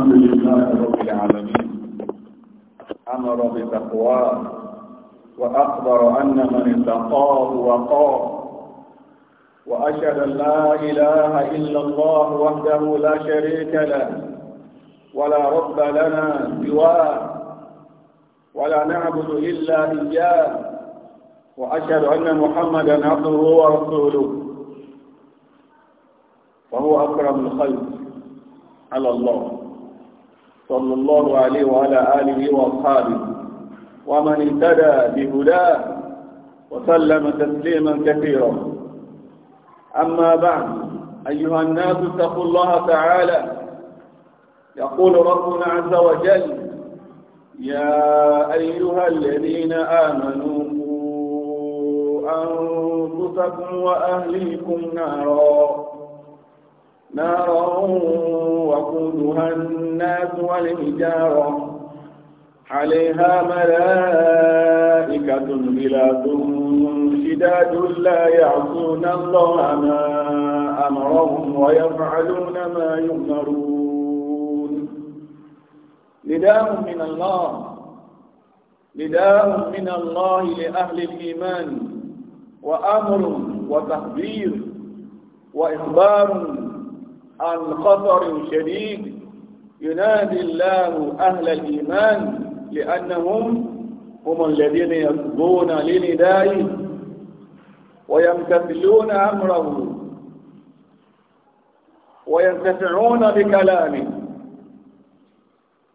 الحمد لله رب العالمين أمر بتقواه وأخبر أن من اتقاه وقاه وأشهد أن لا إله إلا الله وحده لا شريك له ولا رب لنا سواه ولا نعبد إلا إياه وأشهد أن محمدا عبده ورسوله وهو أكرم الخلق على الله صلى الله عليه وعلى آله وأصحابه ومن اهتدى بهداه وسلم تسليما كثيرا أما بعد أيها الناس اتقوا الله تعالى يقول ربنا عز وجل يا أيها الذين آمنوا أنفسكم وأهليكم نارا نارا وقودها الناس والحجارة عليها ملائكة غلاظ شداد لا يعصون الله ما أمرهم ويفعلون ما يؤمرون نداء من الله نداء من الله لأهل الإيمان وأمر وتخبير وإخبار عن خطر شديد ينادي الله أهل الإيمان لأنهم هم الذين يصدون لندائه ويمتثلون أمره وينتفعون بكلامه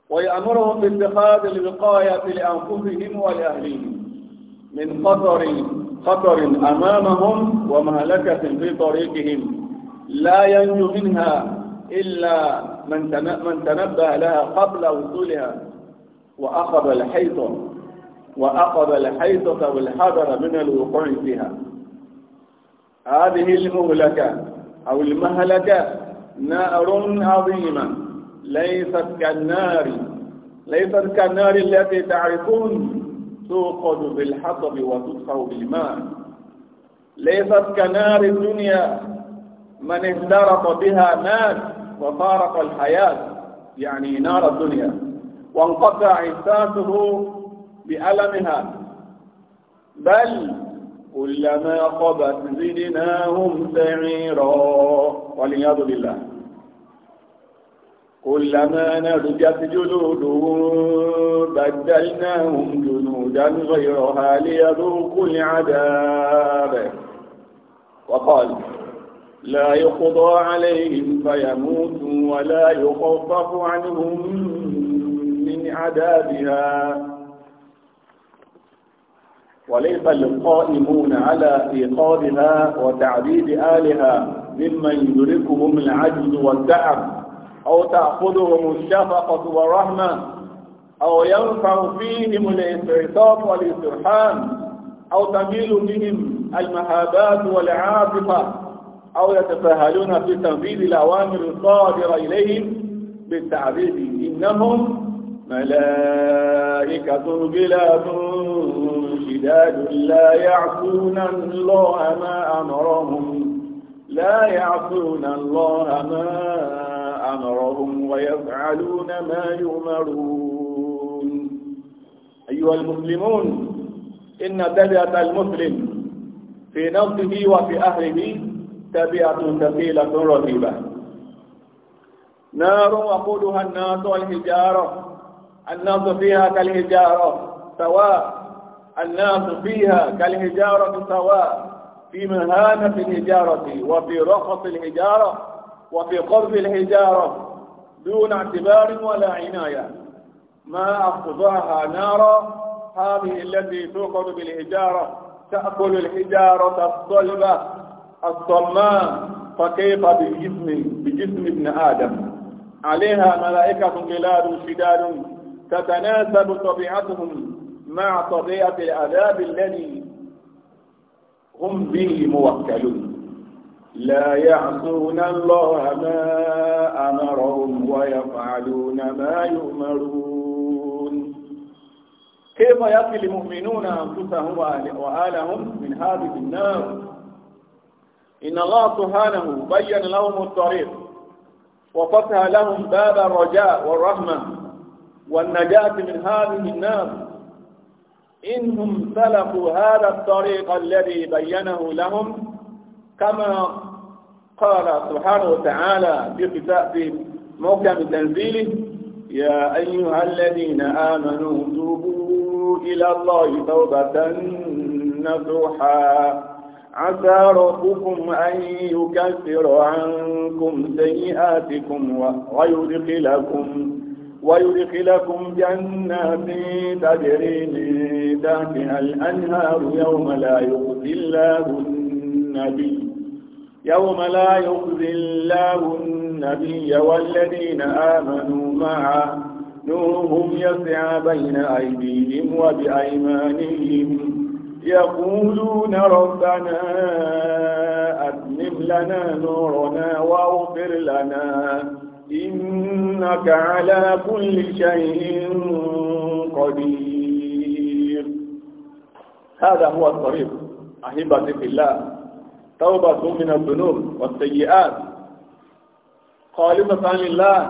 ويأمرهم باتخاذ الوقاية لأنفسهم ولأهلهم من خطر خطر أمامهم ومهلكة في طريقهم لا ينجو منها إلا من من تنبه لها قبل وصولها وأخذ الحيطة وأخذ الحيطة والحذر من الوقوع فيها هذه المهلكة أو المهلكة نار عظيمة ليست كالنار ليست كالنار التي تعرفون توقد بالحطب وتدخل بالماء ليست كنار الدنيا من افترق بها مات وفارق الحياة يعني نار الدنيا وانقطع إحساسه بألمها بل كلما قبت زدناهم سعيرا والعياذ بالله كلما نرجت جلودهم بدلناهم جنودا غيرها ليذوقوا العذاب وقال لا يقضى عليهم فيموتوا ولا يخفف عنهم من عذابها وليس للقائمون على إيقاظها وتعذيب آلها ممن يدركهم العجز والتعب أو تأخذهم الشفقة والرحمة أو ينفع فيهم الاستعطاف والاسترحام أو تميل بهم المهابات والعاطفة أو يتساهلون في تنفيذ الأوامر الصادرة إليهم بالتعذيب إنهم ملائكة غلاف شداد لا يعصون الله ما أمرهم لا يعصون الله ما أمرهم ويفعلون ما يؤمرون أيها المسلمون إن تبعة المسلم في نفسه وفي أهله تبعة ثقيلة رتيبة نار وقودها الناس والحجارة الناس فيها كالحجارة سواء الناس فيها كالحجارة سواء في مهانة الحجارة وفي رخص الحجارة وفي قرب الحجارة دون اعتبار ولا عناية ما أفضعها نارا هذه التي توقد بالحجارة تأكل الحجارة الصلبة الصماء فكيف بجسم بجسم ابن آدم عليها ملائكة غلاد شداد تتناسب طبيعتهم مع طبيعة العذاب الذي هم به موكلون لا يعصون الله ما أمرهم ويفعلون ما يؤمرون كيف يقي المؤمنون أنفسهم وأهلهم من هذه النار إن الله سبحانه بين لهم الطريق وفتح لهم باب الرجاء والرحمة والنجاة من هذه الناس إنهم سلكوا هذا الطريق الذي بينه لهم كما قال سبحانه وتعالى في كتاب محكم تنزيله يا أيها الذين آمنوا توبوا إلى الله توبة نصوحا عسى ربكم أن يكفر عنكم سيئاتكم ويدخلكم ويدخلكم جنات تجري من تحتها الأنهار يوم لا يخزي الله النبي يوم لا يخزي الله النبي والذين آمنوا معه نورهم يسعى بين أيديهم وبأيمانهم يقولون ربنا أتمم لنا نورنا واغفر لنا إنك على كل شيء قدير هذا هو الطريق أحبتي في الله توبة من الذنوب والسيئات خالصة لله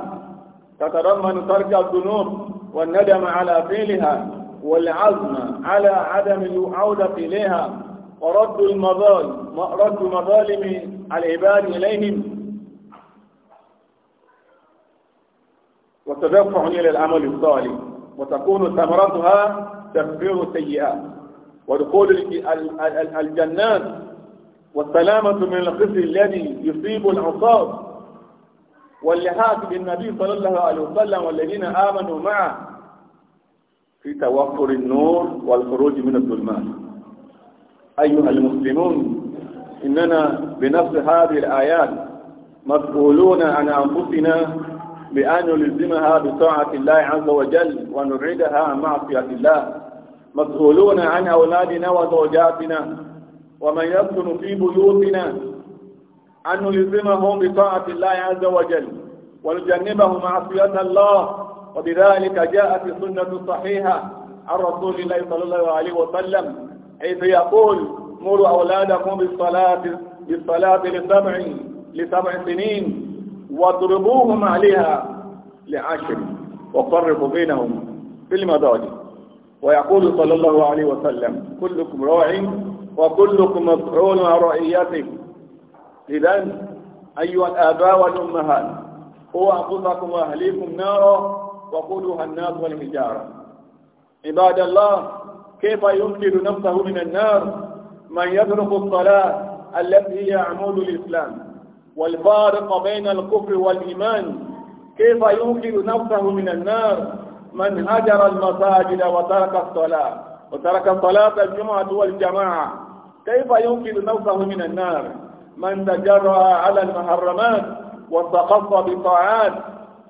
تتضمن ترك الذنوب والندم على فعلها والعزم على عدم العودة إليها ورد المظالم رد مظالم العباد إليهم وتدفع إلى العمل الصالح وتكون ثمرتها تكفير السيئات ودخول الجنات والسلامة من الخزي الذي يصيب العصاة واللحاق بالنبي صلى الله عليه وسلم والذين آمنوا معه في توفر النور والخروج من الظلمات أيها المسلمون إننا بنفس هذه الآيات مسؤولون عن أنفسنا بأن نلزمها بطاعة الله عز وجل ونعيدها عن معصية الله مسؤولون عن أولادنا وزوجاتنا ومن يسكن في بيوتنا أن نلزمهم بطاعة الله عز وجل ونجنبهم معصية الله وبذلك جاءت السنة الصحيحة عن رسول الله صلى الله عليه وسلم حيث يقول مروا أولادكم بالصلاة بالصلاة لسبع لسبع سنين واضربوهم عليها لعشر وفرقوا بينهم في المضاجع ويقول صلى الله عليه وسلم كلكم راع وكلكم مسؤول عن رعيته إذا أيها الآباء والأمهات هو أنفسكم وأهليكم نارا وقودها الناس والحجارة عباد الله كيف ينقذ نفسه من النار من يترك الصلاة التي هي عمود الإسلام والفارق بين الكفر والإيمان كيف ينقذ نفسه من النار من هجر المساجد وترك الصلاة وترك صلاة الجمعة والجماعة كيف ينقذ نفسه من النار من تجرأ على المحرمات وتقص بطاعات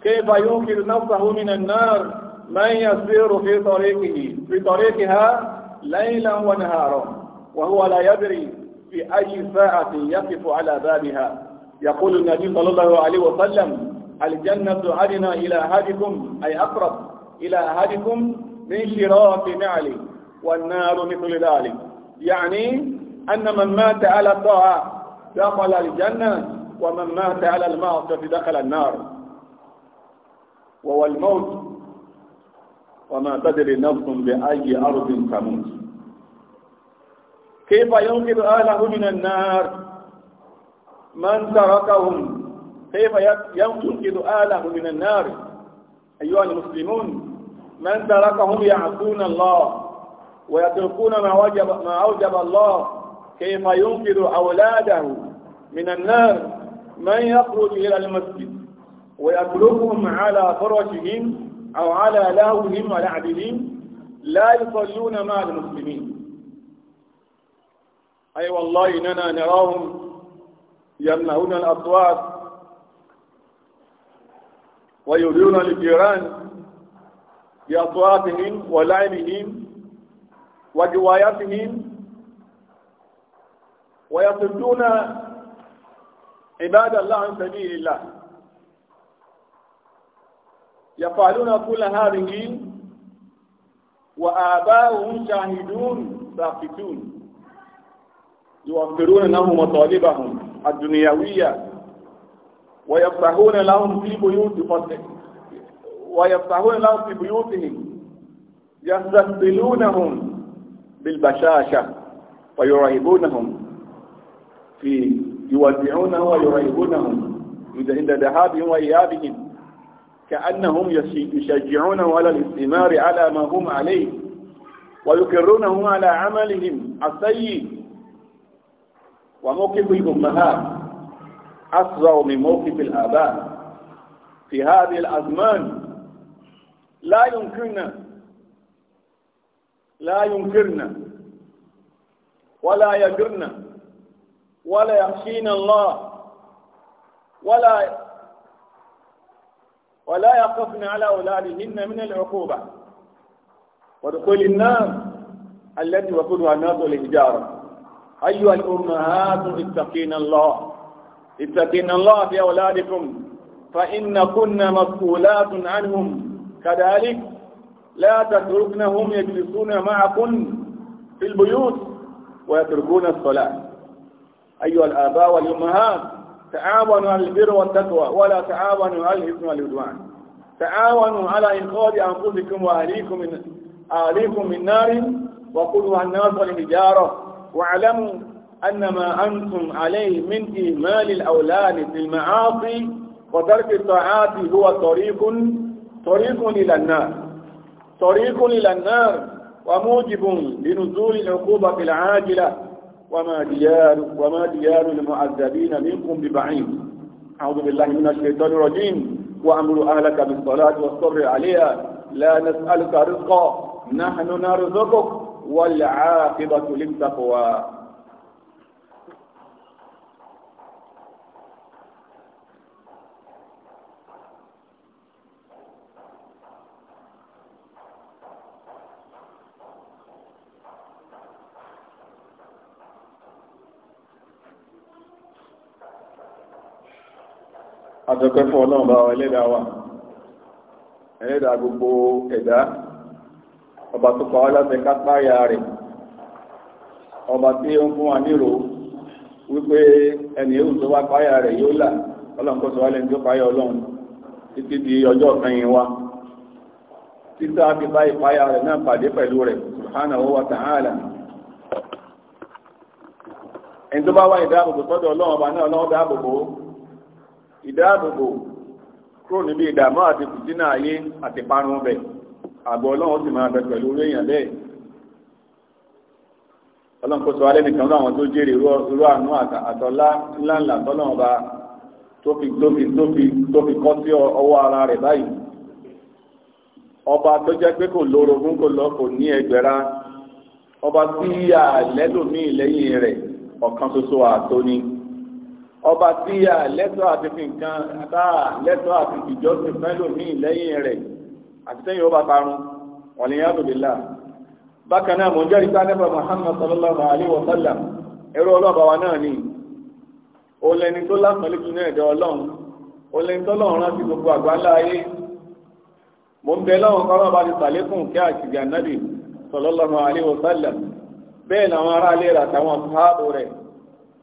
كيف ينقذ نفسه من النار من يسير في طريقه في طريقها ليلا ونهارا وهو لا يدري في أي ساعة يقف على بابها يقول النبي صلى الله عليه وسلم الجنة عدنا إلى أحدكم أي أقرب إلى أحدكم من شراك نعلي والنار مثل ذلك يعني أن من مات على الطاعة دخل الجنة ومن مات على المعصية دخل النار وهو الموت وما تدري نفس بأي أرض تموت كيف ينقذ أهله من النار من تركهم كيف ينقذ أهله من النار أيها المسلمون من تركهم يعصون الله ويتركون ما وجب ما أوجب الله كيف ينقذ أولاده من النار من يخرج إلى المسجد ويأكلهم على فرشهم أو على لاههم ولعبهم لا يصلون مع المسلمين أي أيوة والله إننا نراهم يمنعون الأصوات ويؤذون الجيران بأصواتهم ولعنهم وجوايتهم ويصدون عباد الله عن سبيل الله يفعلون كل هذه وآباؤهم شاهدون ساقطون يوفرون لهم مطالبهم الدنيوية ويفتحون لهم في بيوت ويفتحون لهم في بيوتهم يستقبلونهم بالبشاشة ويرهبونهم في يودعونهم ويرهبونهم عند ذهابهم وإيابهم كأنهم يشجعونه على الاستمار على ما هم عليه ويكرونه على عملهم السيء وموقف الأمهات أصغر من موقف الآباء في هذه الأزمان لا يمكننا لا ينكرنا ولا يجرنا ولا يخشينا الله ولا ولا يخفن على أولادهن من العقوبة ودخول النار التي وقودها الناس الحجارة أيها الأمهات اتقين الله اتقين الله في أولادكم فإن كنا مسؤولات عنهم كذلك لا تتركنهم يجلسون معكن في البيوت ويتركون الصلاة أيها الآباء والأمهات تعاونوا على البر والتقوى ولا تعاونوا على الإثم والعدوان تعاونوا على إنقاذ أنفسكم وأهليكم من أهليكم من نار وقلوا الناس والحجارة واعلموا أن ما أنتم عليه من إهمال الأولاد بالمعاصي وترك الطاعات هو طريق طريق إلى النار طريق إلى النار وموجب لنزول العقوبة العاجلة وما ديار وما ديار المعذبين منكم ببعيد أعوذ بالله من الشيطان الرجيم وأمر أهلك بالصلاة والصبر عليها لا نسألك رزقا نحن نرزقك والعاقبة للتقوى adọ́pẹ́ fún ọlọ́run wa gbogbo ẹ̀dá ọba tó pa wá láti kápáyà rẹ̀ ọba tí ó ń fún wa wípé ẹni yóò tó wá páyà rẹ̀ yóò là ọlọ́run sọ wá tó páyà ọlọ́run títí di ọjọ́ kẹyìn wa fi bá ìpáyà rẹ̀ náà pàdé pẹ̀lú rẹ̀ ẹni tó bá wá ìdáàbòbò ọlọ́run ọba náà ìdáàbòbò kúrò níbi ìdàmọ́ àti fìtínà ayé àti parun bẹ̀ àbọ̀ ọlọ́run sì máa pẹ̀lú orí èèyàn bẹ́ẹ̀ ọlọ́run kó láwọn tó jèrè irú àánú àtọ́lá ńláńlá tọ́lọ́run bá kọ́ sí ọwọ́ ara rẹ̀ báyìí ọba tó jẹ́ pé kò kò ní ẹgbẹ̀ra ọba tí lẹ́yìn rẹ̀ ọ̀kan ṣoṣo ọba tí a lẹ́tọ́ àti fi nǹkan tá a lẹ́tọ́ àti ìjọsìn fẹ́lò ní lẹ́yìn rẹ̀ àti sẹ́yìn ọba parun wọ́n lè yàtọ̀ lélà bákan náà mo ń jẹ́rìí sáfẹ́fẹ́ Muhammad sallallahu alayhi wa sallam ẹ̀rọ ọlọ́ọ̀bà wa náà ni olẹni tó lápẹ̀lẹ́ jù náà ẹ̀dọ́ ọlọ́run olẹni tó lọ́run rántí gbogbo àgbáńlá ayé mo ń bẹ lọ́run kọ́rọ́ bá ti sàlékùn kí àtìgà sallallahu alayhi wa sallam bẹ́ẹ̀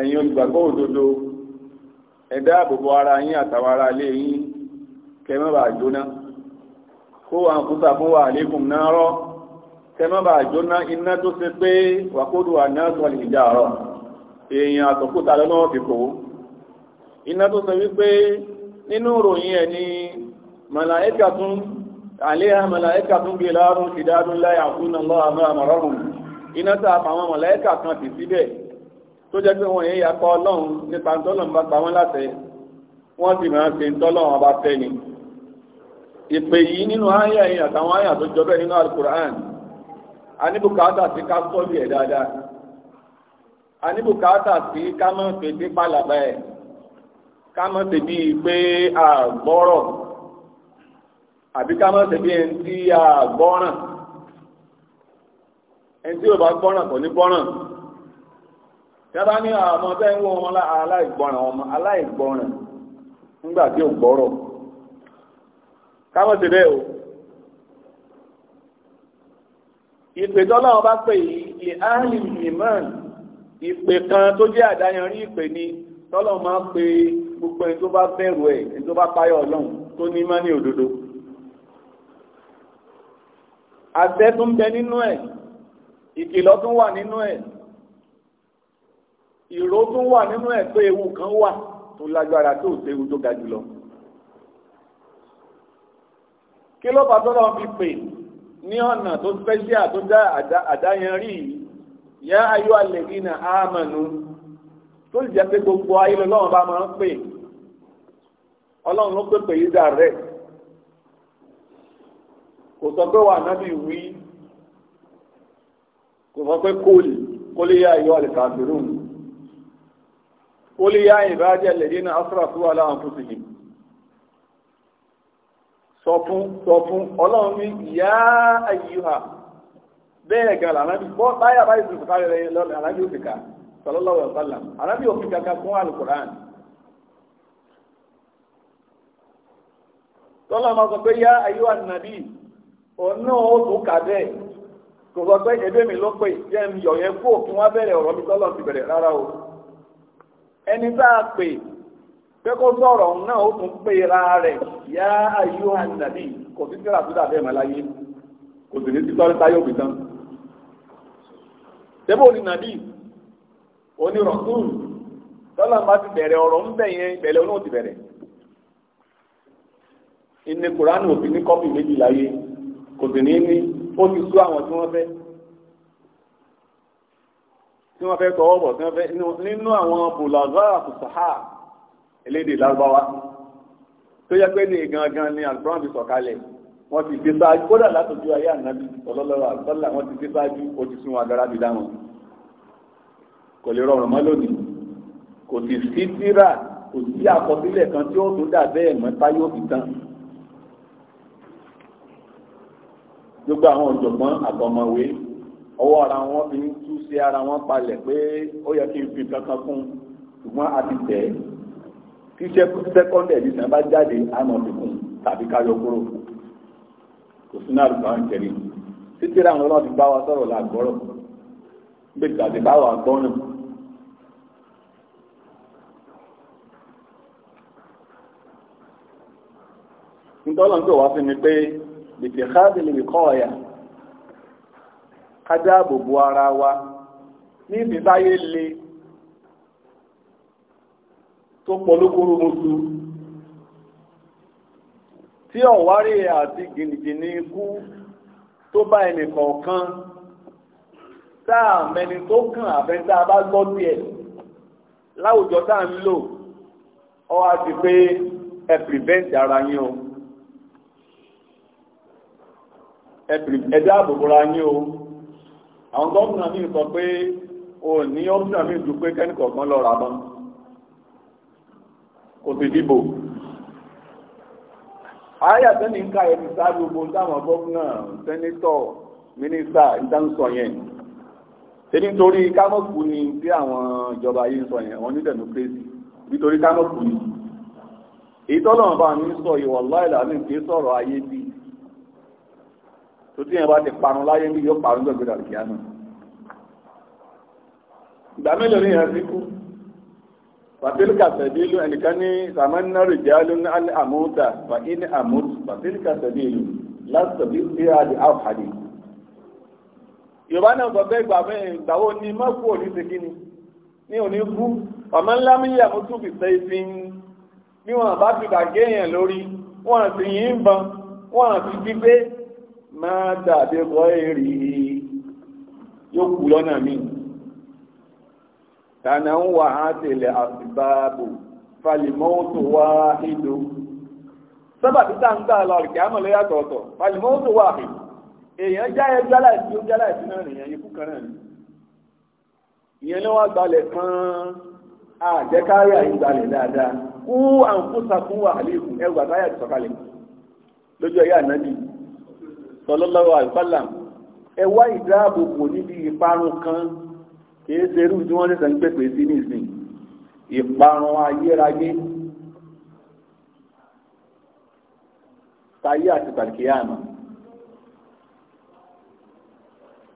ẹ̀yin olùgbàgbọ́ òdodo ẹ dáàbòbò ara yín àtàwọn ará ilé yín kẹmẹ́bà jóná kó wà ń fún wa náà rọ́ kẹmẹ́bà jóná iná tó ṣe pé wàkódù ànáàtọ̀ ìjà rọ̀ èèyàn àtọ̀kúta lọ́nà òfìkò iná tó ṣe wípé nínú ìròyìn ẹ̀ ni tún àléhà tún gbé ìdádúnláyà fún ọlọ́ àmọ́ iná kan ti tó jẹ́ pé wọ́n yẹn yakọ ọlọ́run nípa tọ́lọ́run bá pa wọ́n láṣẹ wọ́n sì máa ń ṣe tọ́lọ́run ọba fẹ́ ni ìpè yìí nínú àyà yìí àtàwọn àyà tó jọ bẹ́ẹ̀ nínú alukur'an anibukata sí ká sọ́ọ̀lì ẹ̀ dáadáa anibukata sí ká má fètè pàlàbà ẹ̀ ká má ṣe bíi pé àgbọ́rọ̀ àbí ká má ṣe bíi ẹni tí àgbọ́ràn ẹni tí yóò bá gbọ́ràn kò ní gbọ́ràn yàrá ní àmọ́ bẹ́ẹ̀ ń wọ wọn aláìgbọràn ọmọ aláìgbọràn nígbà tí ò gbọ́rọ̀ káwọn ti bẹ́ẹ̀ o ìpè tọ́lọ́wọ́ bá pè yìí ìhálì ìmọ̀n ìpè kan tó jẹ́ àdáyanrí ìpè ni tọ́lọ́wọ́ máa pe gbogbo ẹni tó bá bẹ̀rù ẹ̀ ẹni tó bá páyọ̀ ọlọ́run tó ní mọ́ ní òdodo àṣẹ tún bẹ nínú ẹ̀ ìkìlọ̀ tún wà nínú ẹ̀ ìró tún wà nínú ẹ̀ pé ewu kan wà tó lágbára tó séwu tó ga jùlọ kí ló bá tọ́lọ́ fi pè ní ọ̀nà tó special tó dá àdáyanrí yá ayọ́ alẹ́gínà àmànú tó lè jẹ́ pé gbogbo ayé lọ́wọ́n bá máa ń pè ọlọ́run ló pè pè yí dà rẹ̀ kò sọ pé wà nábì wí kò sọ pé kólì kólì yá ayọ́ alẹ́kàfẹ́rún قل يا عبادي الذين أسرفوا على أنفسهم sọ fún sọ fún ọlọ́run ní ìyá ayíha bẹ́ẹ̀ gan lànàbí bọ́ táyà báyìí tuntun kárí rẹ lọ́nà ànábì òfìkà sallallahu alaihi wasallam ànábì òfìkà kan fún alukoran tọ́lá máa sọ pé yá ayíha nàbí mi mi ẹni tá a pè pé kó sọ̀rọ̀ òun náà ó tún péra rẹ̀ yá ayyuhan nabi kò sí síra tó dàbẹ́ ẹ̀mọ́ láyé kò sì ní títọ́ níta yóò fi tán. Débò ní nàbí oní rọ̀tún lọ́la bá ti bẹ̀rẹ̀ ọ̀rọ̀ ń bẹ̀ yẹn ìbẹ̀lẹ̀ oní òtì bẹ̀rẹ̀. Ìní Kùránì òfin ní kọ́pì méjì kò sì ní ní ó ti sú àwọn tí wọ́n fẹ́ tí wọ́n fẹ́ tọwọ́ bọ̀ tí wọ́n fẹ́ nínú àwọn bùlàzára fùsàhà elédè lárúbáwá tó yẹ pé ní gangan ni àlùfáà ti sọ̀kalẹ̀ wọ́n ti dé sáájú kódà látọjú ayé ànábì ọlọ́lọ́rọ̀ àgbọ́là wọ́n ti dé sáájú ó ti sún agara bí dáhùn kò lè rọrùn mọ́ lónìí kò sì sí síra kò sí àkọsílẹ̀ kan tí ó tún dà bẹ́ẹ̀ mọ́ táyé òbí tán gbogbo àwọn ọ̀jọ̀gbọ́n àtọmọwé ọwọ́ ara wọn fi ń tú sí ara wọn palẹ̀ pé ó yẹ kí n fi kankan kún ṣùgbọ́n a ti tẹ̀ ẹ́ kí sẹ́kọ́ndì ẹ̀dísàn bá jáde àmọ́ fi kún tàbí káyọ kúrò kò sínú àlùkò àwọn ìtẹ̀lé títí ra àwọn ọlọ́run ti bá wa sọ̀rọ̀ làgbọ́rọ̀ bí tàbí bá wa gbọ́ náà. nítorí wọn tó wá sí mi pé bìtì káàdì lè kọ́ ọ̀yà ká dáàbò bo ara wa ní ìbítáyé le tó polókóró mọ́tò tí ọ̀wárí àti gìnìgìnì ikú tó bá ẹnì kọ̀ọ̀kan táà mẹni tó kàn àfẹ́ntà bá gbọ́ tiẹ̀ láwùjọ táà ń lò ọ wá ti pé ẹ prevent ara yín o ẹ dáàbò bora yín o àwọn gómìnà mi sọ pé o ní ọ́pṣà mi ju pé kẹ́nìkọ̀ọ̀kan lọ rà mọ́ kò sì dìbò àyà sẹ́ni ń ka ẹni ṣáájú gbogbo táwọn gómìnà sẹ́nitọ̀ mínísítà ìdánsọ yẹn ṣe nítorí kámọ́kù ni bí àwọn ìjọba yìí ń sọ yẹn àwọn onídẹ̀mọ́kírésì nítorí kámọ́kù ni ìtọ́lọ́mọba mi sọ ìwọ̀láìlà ní kí sọ̀rọ̀ ayé bí tó tí yẹn bá ti parun láyé bí yóò parun gbẹ̀gbẹ̀dà kìá náà ìgbà mélòó ni yẹn fi kú fàtílìkà sẹ̀bílù ẹnìkan ní sàmánà rìjálù ní alẹ́ àmúta fà ní àmúta fàtílìkà sẹ̀bílù lásìtọ̀bí sí àdì àwòhàdì yorùbá náà sọ ìgbà mẹ́rin ìgbà wo ni mọ́kù òní ti ni ní òní kú ọmọ ńlá mi yà mú túbì sẹ́ ifi ń bí wọn bá fi bàgé yẹn lórí wọn sì yín wọn sì gbígbé máa dàbí kọ́ èrè yóò kú lọ́nà mi tànà ń wà á tèlè àsìbáàbò falimọ́tò wá ìlú sábàbí tá ń gbà lọ àrùkẹ́ àmọ́ lóyà tọ̀ọ̀tọ̀ falimọ́tò wà ìlú èèyàn já ẹjọ́ aláìsí ó já aláìsí náà nìyẹn ikú kan náà ìyẹn ló wá gbalẹ̀ kan àjẹkárí àìgbalẹ̀ dáadáa kú àǹfóṣà fún wàhálì ìkùn táyà ti lójú ẹ̀yà náà nìyí sallallahu alaihi wasallam ẹ wá ìdáàbòbò níbi ìparun kan kìí ṣe irú tí wọ́n lè sàn pèpè sí nìsín ìparun ayérayé tayé àti tàkíyàmù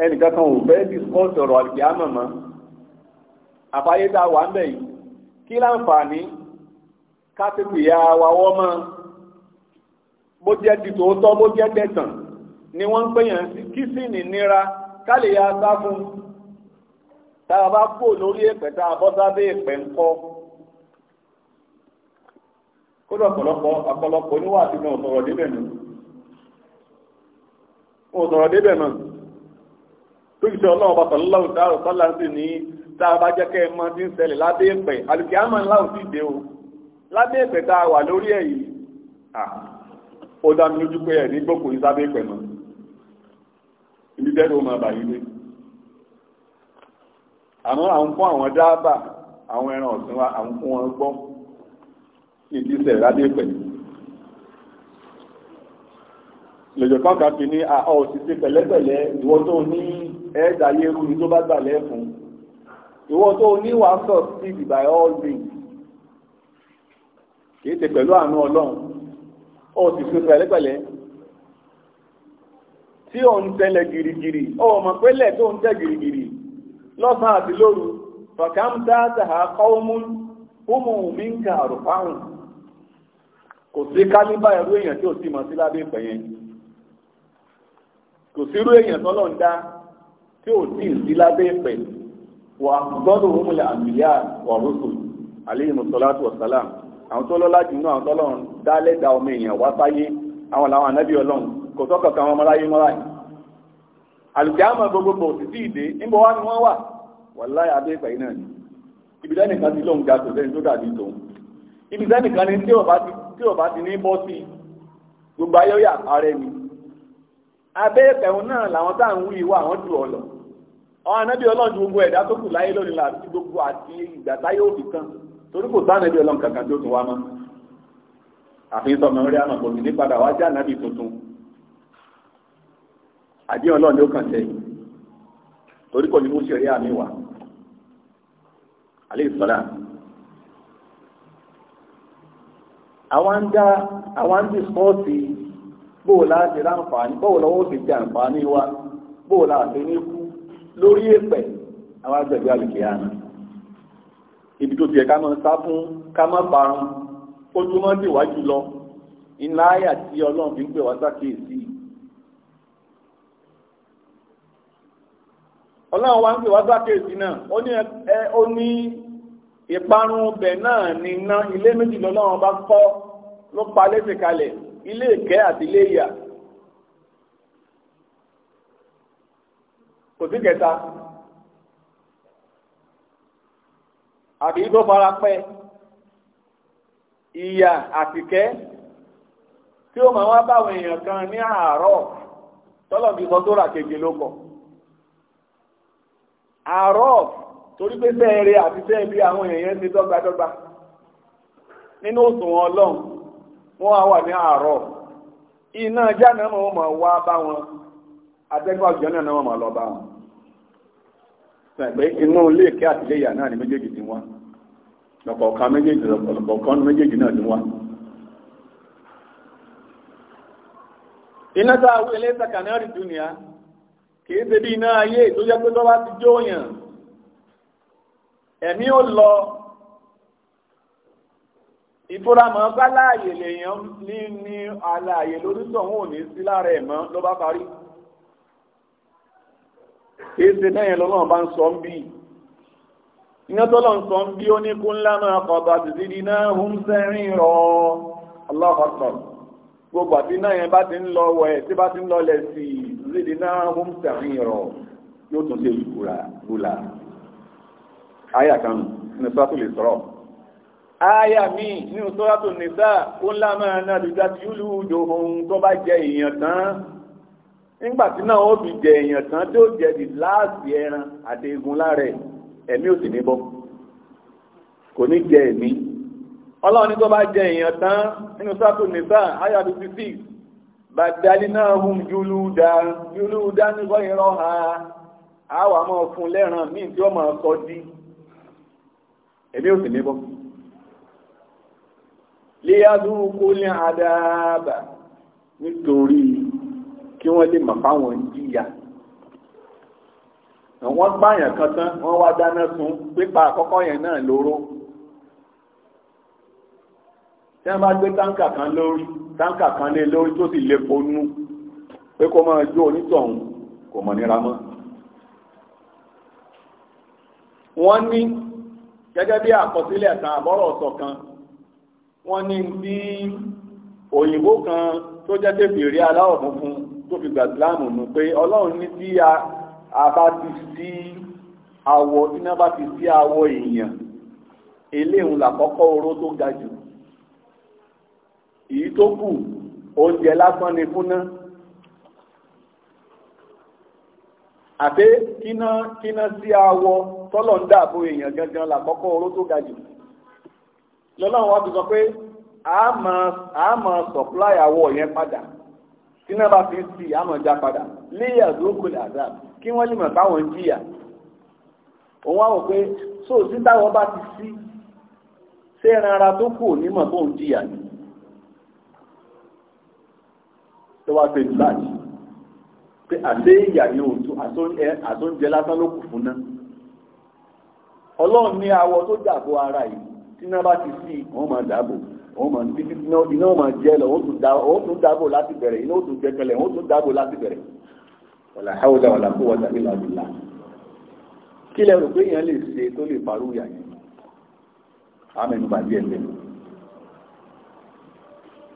ẹnìkankan ò fẹ́ discourse ọ̀rọ̀ àlùkìyàmù mọ́ àfáyédá wà ń bẹ̀ yìí kí láǹfààní ká tètè wa wọ́ mọ́ bó jẹ́ ti tòótọ́ bó jẹ́ tẹ̀sán ni wọ́n ń pèyàn sí kí sì ní nira ká lè ya sá fún tá a bá kó lórí èpè tá a bọ́ sábẹ́ èpè ńkọ́ kódà ọ̀pọ̀lọpọ̀ ọ̀pọ̀lọpọ̀ oníwà àti náà sọ̀rọ̀ débẹ̀ nù wọn sọ̀rọ̀ débẹ̀ náà tó kìí ṣe ọlọ́run bàtà lọ́wọ́ tá a sọ́lá sí ní tá a bá jẹ́ kẹ́ ẹ mọ tí ń ṣẹlẹ̀ lábẹ́ èpè àlùkí àmọ́ ńlá ò sì o lábẹ́ èpè tá a wà lórí ẹ̀ yìí ó dá mi lójú pé ẹ̀ ní gbòkò ní sábẹ́ èpè náà kẹ́rù máa bà yí lé àmọ́ àwọn fún àwọn dáàbà àwọn ẹran ọ̀sìn wa àwọn fún wọn gbọ́ ìdí sẹ̀rá dé pẹ̀lú lọ́jọ́ kan fi ní àọ́ òṣìṣẹ́ pẹ̀lẹ́pẹ̀lẹ́ ìwọ tó ní ẹ̀ẹ́dà yẹ́rù ni tó bá gbà lẹ́fún ìwọ tó ní wàá sọ sí by all means ṣe pẹ̀lú àánú ọlọ́run ó pẹ̀lẹ́pẹ̀lẹ́ tí ò ń girigiri gìrìgìrì ó mọ̀ pélẹ̀ tó ń tẹ̀ gìrìgìrì lọ́sàn àti lóru fàkàmtà tàhà kọ́ọ̀mù kúmù mí ń ka kò sí kálíbà ẹ̀rú èèyàn tí ò mọ̀ sí lábẹ́ ìpẹ̀ yẹn kò sírú èèyàn tọ́lọ̀ ń dá tí ò sí lábẹ́ ìpẹ̀ wà gbọ́dọ̀ wà àwọn tó lọ́lá jù náà kò tọ́kọ̀ kan ọmọ láyé mọ́ra yìí àlùkìámọ̀ gbogbogbò sì sí ìdè níbo wá ni wọ́n wà wàláyé abẹ́ ìpàyé náà ni ibi tẹ́nì kan ti lóun ga tòun tó dàbí tòun ibi tẹ́nì ni tí ò bá ti ní bọ́ sí gbogbo ayé ọ̀yà ààrẹ mi abẹ́ ìpẹ̀hún náà làwọn tá à ń wí ìwà àwọn jù ọ lọ àwọn anábì ọlọ́run gbogbo ẹ̀dá tó kù láyé lónìí la àti gbogbo àti ìgbà táyé òbí kan torí kò sáà anábì ọlọ́run kankan tó tún wá mọ́ àfihàn sọmọ orí àmọ̀ kò sì ní padà wá sí tuntun àdé ọlọ́run ló kàn tẹ̀ torí kò ní mú sí ẹ̀rí àmì wá alẹ́ ìsọ́lá àwọn ń dá àwọn ń dìsọ́ọ̀sì bóò láti ráǹfààní bóò lọ́wọ́ sì jẹ àǹfààní wa bóò láti ní lórí èpẹ̀ àwọn agbẹ̀gbẹ̀ alùkìyàmù ibi tó tiẹ̀ ká máa sá fún ká máa parun ojúmọ́ dìwájú lọ iná tí ọlọ́run fi ń pè wá sákèésí yìí ọlọ́run wá ń pè wá sákèsí náà ó ní ẹ ó ní ìparun ibẹ̀ náà ní iná ilé méjì lọ́lọ́run bá kọ́ ló pa lẹ́sẹ̀ kalẹ̀ ilé ìkẹ́ àti ilé ìyà kò sí kẹta àbí tó fara pẹ́ ìyà àtìkẹ́ tí ó máa wá báwọn èèyàn kan ní àárọ̀ tọ́lọ̀ bí sọ tó rà kejì ló kọ̀. àárọ̀ torí pé àti sẹ́ẹ̀bí àwọn èèyàn ti dọ́gbadọ́gba nínú òsùn ọlọ́run wọ́n a wà ní àárọ̀ iná jáná wọn mọ̀ wá bá wọn atẹ́kọ̀ọ́ náà mọ̀ lọ bá wọn inú ilé ìkẹ́ àtìlẹ́yà náà ni ti wá méjèèjì méjèèjì náà ti wá iná a wí rí kìí ṣe bí iná ayé tó jẹ́ pé tó bá ti jóyàn ẹ̀mí ò lọ ìfúramọ̀ bá láàyè lèèyàn ní ní aláàyè lórítọ̀hún ò ní sí lára ẹ̀ mọ́ ló bá parí kìí ṣe lẹ́yìn lọ́nà bá ń sọ ń bí iná tó lọ́n sọ ń bí ó ní kún lánà ọ̀bà tìtì ní náà sẹ́rìn rọ ọlọ́kọ̀tọ̀ gbogbo àti náà yẹn bá ti ń lọ wẹ̀ tí bá ti ń lọ lẹ̀ sí i zidnahum sa'ira yóò tún ṣe ìgbùlà àyà kan ní sọ́tò lè sọ̀rọ̀ àyà mi ní sọ́tò nìsá ó ńlá máa náà dùdá tí yúlù òjò ohun tó bá jẹ èèyàn tán nígbà tí náà ó fi jẹ èèyàn tán tó jẹ di láàsì ẹran àti egun lára ẹ̀mí ò sì ní bọ́ kò ní jẹ ẹ̀mí ọlọ́run ní tó bá jẹ èèyàn tán nínú sọ́tò nìsá àyà 56 bàdàlínáhùn júlúdà júlúdà nígbọ́ ìrọ́ ha àwà mọ́ fún lẹ́ràn míì tí ó mọ̀ ọkọ̀ dí èmi ò sì níbọ̀ léyàdúrúkú ní àdáàbà nítorí kí wọ́n lè mọ̀ fáwọn jíyà wọ́n gbáyàn kan tán wọ́n wá dáná sun pípa àkọ́kọ́ yẹn náà lóró tí bá gbé táǹkà kan lórí táǹkà kan lé lórí tó sì lè fonú pé kó máa jó onítọ̀hún kò mọ̀ nira mọ́ wọ́n ní gẹ́gẹ́ bí àkọsílẹ̀ ta àbọ̀rọ̀ ṣọ̀kan wọ́n ní bí òyìnbó kan tó jẹ́ tèbèrè aláwọ̀ funfun tó fi gbà síláàmù nù pé ọlọ́run ní tí a bá ti sí awọ tí náà bá ti sí awọ èèyàn eléhùn làkọ́kọ́ oró tó ga jù èyí tó kù oúnjẹ lásán ni fúnná àti kíná kíná sí awọ tọ́lọ̀ ń dààbò èèyàn gangan làkọ́kọ́ oró tó ga jù lọ́lọ́run wá fi sọ pé a máa supply awọ yẹn padà kíná bá fi sí a máa já padà léyà lóko làdá kí wọ́n lè mọ̀ táwọn ń jìyà òun á wò pé sóòtítàwọ́ bá ti sí ṣé ẹran ara tó kù onímọ̀ tó ń jìyà ni tó wá pé láàjì pé àlé ìyà ni òtún àtúnjẹ lásán ló kù fún náà ọlọ́run ní awọ tó dàbò ara yìí tí náà bá ti sí wọ́n máa dàbò wọ́n máa títí iná máa jẹ́ lọ wọ́n tún dàbò láti bẹ̀rẹ̀ iná ó tún jẹ́kẹlẹ̀ wọ́n tún dàbò láti bẹ̀rẹ̀ wàlà háwùdà wàlà kó wọ́n tàbí làbìlà kí lẹ rò pé èèyàn lè ṣe tó lè parú ìyà yẹn àmẹnubà díẹ̀ lẹ́nu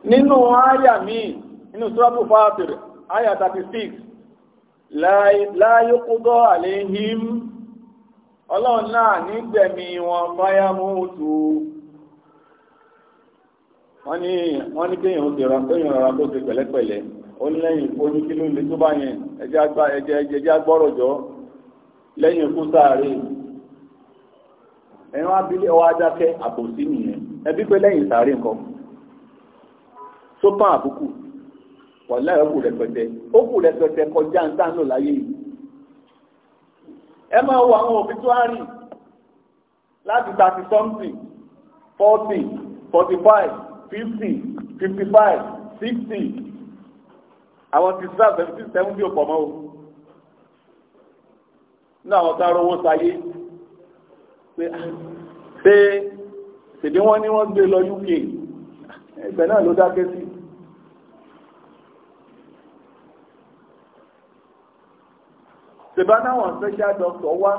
nínú ááyà míì nínú sọ́rọ́tù fàátìrì aya 36 láyé kúdọ́ àléhìm ọlọ́run náà nígbẹ̀mí wọn fáyámútù wọ́n ní wọ́n ní kéèyàn ti rà kéèyàn rà tó ti pẹ̀lẹ́pẹ̀lẹ́ ó lẹ́yìn ikú ní kíló lè tó bá yẹn ẹjẹ́ agbọ́rọ̀ jọ lẹ́yìn ikú sáré wàlá ẹ̀ kù rẹpẹtẹ ó kù rẹpẹtẹ kọjá ń tàn lò láyé yìí ẹ máa wo àwọn obituari láti thirty something forty forty five fifty fifty five sixty àwọn ti sáà seventy seventy ò pọ̀ mọ́ o ní àwọn tá a rówó sáyé pé ah, ṣèdí wọ́n ní wọ́n gbé lọ UK ẹgbẹ́ náà ló dákẹ́ sí. ṣèbá náwọn special doctor wá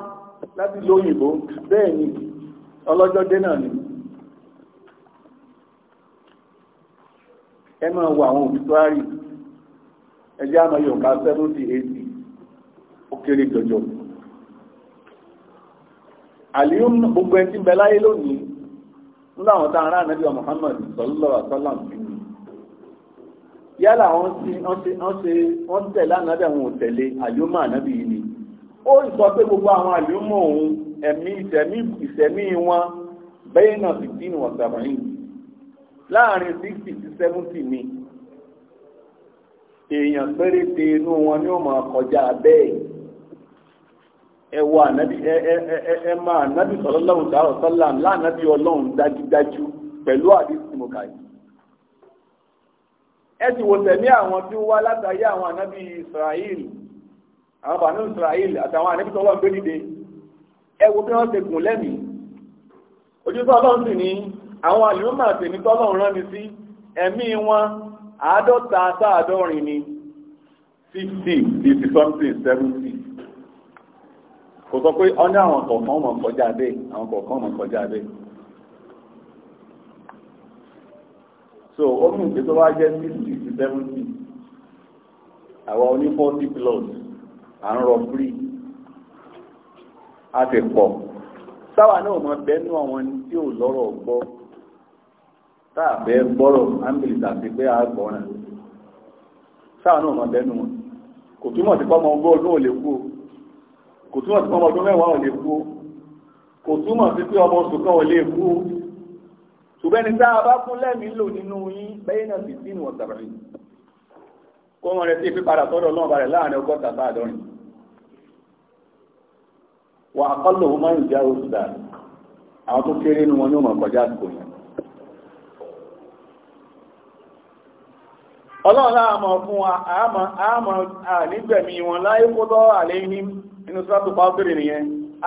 láti ìlú bẹ́ẹ̀ ni ọlọ́jọ́ dé náà ni ẹ máa àwọn yorùbá seventy eighty ó kéré jọjọ àlíyùn gbogbo ẹni tí ń lónìí àwọn rán Muhammad yálà wọ́n tẹ̀lé ni ó sọ pé gbogbo àwọn àlùmọ̀ òun ẹ̀mí ìsẹ̀mí ìsẹ̀mí wọn bẹ́ẹ̀ náà sì dín wọn sàmọ́yìn láàrin sixty sí seventy ni èèyàn péréte inú wọn ni ó máa kọjá bẹ́ẹ̀ ẹ wọ ànábì ẹ ẹ ẹ ẹ máa ànábì sallallahu ta'ala sallam láànábì ọlọ́run dájúdájú pẹ̀lú àdìsí mọ̀kàyí ẹ ti wò tẹ̀mí àwọn tí ó wá látàrí àwọn ànábì Israel àwọn bàánú Israel àtàwọn àníbìtọ́ ọlọ́run gbé dìde ẹwù bí wọ́n ti gùn lẹ́mìí ojútọ́ ọlọ́run sì ní àwọn àlùmọ́ àtẹ̀mí tọ́lọ́run rán mi sí ẹ̀mí wọn àádọ́ta sáàdọ́rin ni fifty fifty something seventy kò sọ pé ọ́nà àwọn kọ̀ọ̀kan ọmọ kọjá bẹ́ẹ̀ àwọn kọ̀ọ̀kan ọmọ kọjá bẹ́ẹ̀ so ó mú ìgbésọ́wọ́ jẹ́ sixty to seventy àwọn oní forty plus à ń rọ fúrí a fi pọ̀ sáwà náà mọ bẹ́nu àwọn tí ò lọ́rọ̀ gbọ́ tá a fẹ́ gbọ́rọ̀ ámbìlì tàbí pé a gbọ́ràn sáwà náà mọ bẹ́nu wọn kò túmọ̀ sí pọ́mọ ọgọ́rùn-ún ò lè kú kò túmọ̀ sí pọ́mọ ọdún mẹ́wàá ò lè kú kò túmọ̀ sí pé ọmọ oṣù kan lè kú ṣùgbẹ́ni tá a bá fún lẹ́mìí lò nínú yín bẹ́yìn náà sì sínú ọ̀sàrẹ̀ kó wọn retí pípadà sọ́dọ̀ ọlọ́run balẹ̀ láàrin ọgọ́ta bá àdọ́rin wà àkọlù wọn máa ń jẹ́ oṣù dà àwọn tó kéré nu wọn ní òmò kọjá àsìkò yẹn ọlọ́run láàmọ̀ fún àmọ̀ ànígbẹ̀mí wọn láyé kó lọ́ àléhìn inú sọ́tù pàápìrì nìyẹn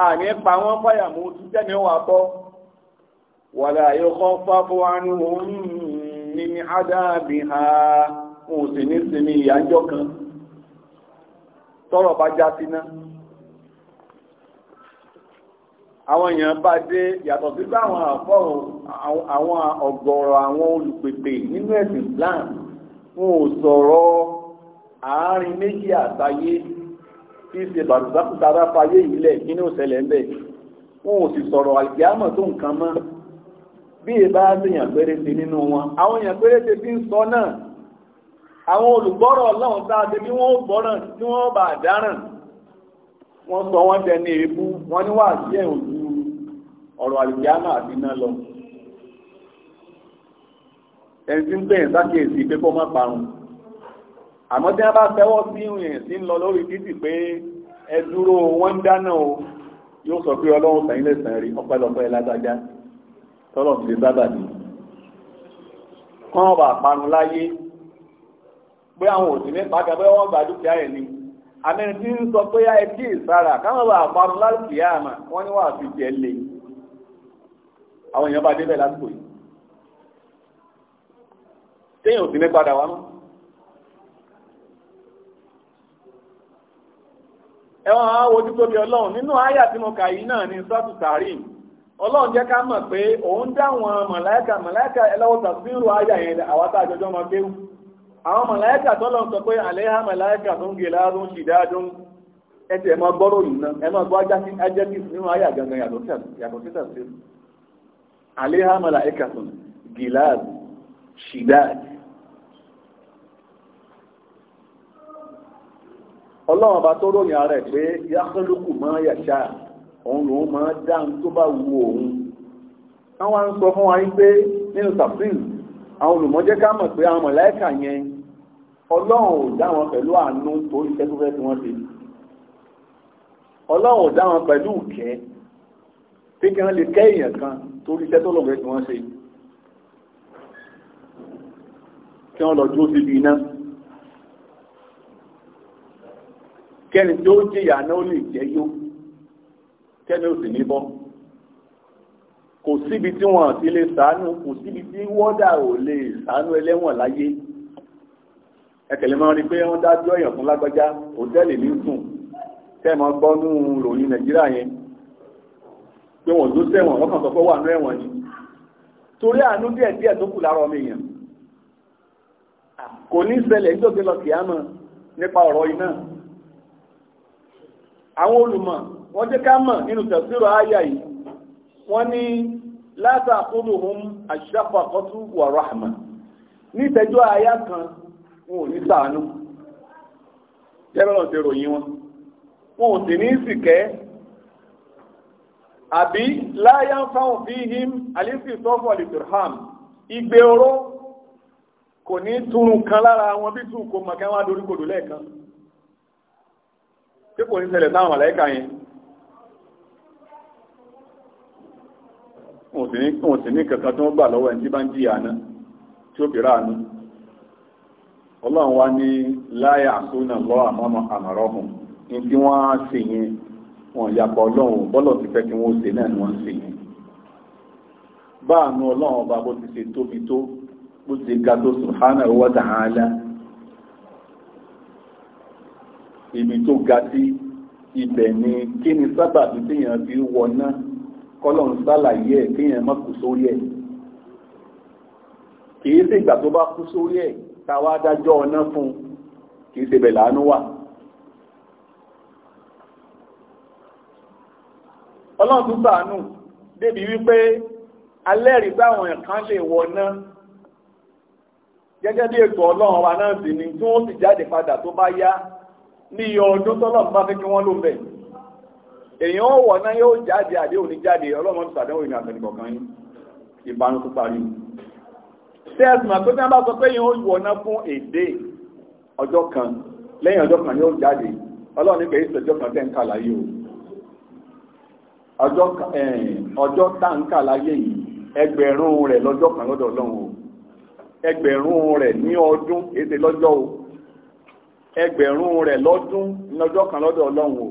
àní pa wọ́n fàyà mú tí jẹ́ni wà bọ́ wà láyé kọ́ fáfọ́ wọn ní àdábì ha kò sì ní sinmi ìyànjọ́ kan tọ́rọ̀ bá já síná àwọn èèyàn bá dé yàtọ̀ sí pé àwọn àfọ́rùn àwọn ọ̀gọ̀rọ̀ àwọn olùpèpè nínú ẹ̀sìn Islam wọn ò sọ̀rọ̀ àárín méjì àtayé tí ṣe bàtùsákùtàrà fayé ìlẹ̀ nínú ìṣẹ̀lẹ̀ ń bẹ̀ wọn ò sọ̀rọ̀ àlìkíámọ̀ tó nǹkan mọ́ bí ìbá ṣèyàn péréte nínú wọn àwọn èèyàn péréte ti ń sọ náà àwọn olùgbọ́rọ̀ ọlọ́run tá a ṣe bí wọ́n gbọ́ràn tí wọ́n bá dáràn wọ́n sọ wọ́n jẹ ní ebú wọ́n ní wà sí ẹ̀ òjú ọ̀rọ̀ àlùjáàmà àti iná lọ ẹni tí ń gbẹ̀yìn sákèésí pé kọ́ má parun àmọ́ tí wọ́n bá fẹ́wọ́ sí ìrìn sí ń lọ lórí títì pé ẹ dúró wọ́n dáná o yóò sọ pé ọlọ́run sàyìn lẹ́sàn rí ọpẹ́lọpẹ́ ládájá tọ́lọ̀ fi lè sábà ní kọ́ parun láyé pé àwọn òsì ní pàtàkì pé wọ́n gba dúkìá ẹ̀ ni àmì tí ń sọ pé ẹ kí ìsára káwọn bá parun láti yá àmà wọ́n ní wà á fi lé àwọn èèyàn bá débẹ̀ lásìkò yìí téèyàn òsì padà wá àwọn ni sọ́tù ọlọ́run jẹ́ ká mọ̀ pé òun dáwọn tàbí àyà yẹn àwọn àwọn màláíkà tó lọ sọ pé àlẹ́hà màláíkà tó ń gè láàrún sì dáadún ẹ̀tẹ̀ ẹ̀mọ gbọ́rọ̀ yìí náà ẹ̀mọ gbọ́ ajẹ́bí nínú ayé àgangan yàtọ̀ títà sí àlẹ́hà màláíkà tó ń gè láàrún sì dáadún ọlọ́run bá tó ròyìn ara ẹ̀ pé yákọ́lùkù máa àwọn olùmọ̀jẹ́ ká mọ̀ pé àwọn mọ̀láìkà yẹn ọlọ́run ò dá wọn pẹ̀lú àánú torí iṣẹ́ tó fẹ́ tí wọ́n ṣe ọlọ́run ò dá wọn pẹ̀lú ìkẹ́ pé kí wọ́n lè kẹ́ èèyàn kan torí iṣẹ́ tó lọ́gbẹ́ tí wọ́n ṣe kí wọ́n lọ dúró síbi iná kẹ́ni tó jìyà náà ó lè jẹ́ yó kẹ́ni ó sì ní kò síbi tí wọ́n ti lè ṣàánú kò síbi tí wọ́dà ò lè ṣàánú ẹlẹ́wọ̀n láyé ẹkẹlẹ máa rí pé wọ́n dájọ́ èèyàn fún lágbájá òtẹ́ẹ̀lì ní sùn tẹ́ẹ̀mọ́ gbọ́nú ròyìn nàìjíríà yẹn pé wọ́n tó sẹ́wọ̀n wọ́n kàn sọ pé wà ní ẹ̀wọ̀n ni torí àánú díẹ̀ díẹ̀ tó kù lára ọmọ èèyàn kò ní ṣẹlẹ̀ nítorí lọ kìámọ̀ nípa ọ̀rọ̀ iná àwọn olùmọ̀ wọ́n jẹ́ ká mọ̀ nínú tẹ̀síwò áyà yìí wọ́n ní látà kúlùhùn àṣàfàkọ́tù wà ráhàmà nítẹjọ́ àyá kan wọn ò ní ṣàánú jẹ́rọ̀lọ́ ti ròyìn wọn wọn ò sì ní ìsìkẹ́ àbí láyá ń fáwọn fi him alifi sọ́fọ̀ liturham igbe oró kò ní túrun kan lára wọn bí tún kò mọ̀kẹ́ wọn lẹ́ẹ̀kan tí kò ní ṣẹlẹ̀ sáwọn màláíkà yẹn wọn sì ní kankan tó ń gbà lọ́wọ́ ẹni tí bá ń jìyà náà tí ó fi ráàánú ọlọ́run wá ní láyà àsúnà lọ àmọ́mọ́ àmàrọ́hùn ní tí wọ́n á ṣe yẹn wọn ìyàpọ̀ ọlọ́run bọ́lọ̀ ti fẹ́ kí wọ́n ṣe náà ni wọ́n ṣe yẹn báàánú ọlọ́run ọba bó ti ṣe tóbi tó bó ti ga tó subhanahu wa kọ́lọ̀ ń sàlàyé ẹ̀ kéèyàn má kú sórí ẹ̀ kìí sí ìgbà tó bá kú sórí ẹ̀ táwa dájọ́ ọ̀nà fún kìí ṣe bẹ̀ láàánú wà ọlọ́run tún ṣàánú débi wípé alẹ́rìí báwọn ẹ̀kan lè wọná gẹ́gẹ́ bí ètò ọlọ́run wa náà sì ni tí wọ́n sì jáde padà tó bá yá ní iye ọdún tọ́lọ́run bá fẹ́ kí wọ́n lò bẹ́ẹ̀ èèyàn ọ̀wọ̀ náà yóò jáde àdé òní jáde ọlọ́mọ tó ìrìn àtẹnìkọ̀ kan yín ìbánu tó parí tí ẹ sùn àpótí náà sọ pé fún èdè ọjọ́ kan lẹ́yìn ọjọ́ kan yóò jáde ọlọ́run kan tẹ́ ń kà láyé o ọjọ́ tá ń kà láyé yìí ẹgbẹ̀rún rẹ̀ lọ́jọ́ kan lọ́dọ̀ ọlọ́run o ẹgbẹ̀rún rẹ̀ ní ọdún o ẹgbẹ̀rún rẹ̀ lọ́dún lọ́jọ́ kan lọ́dọ̀ ọlọ́run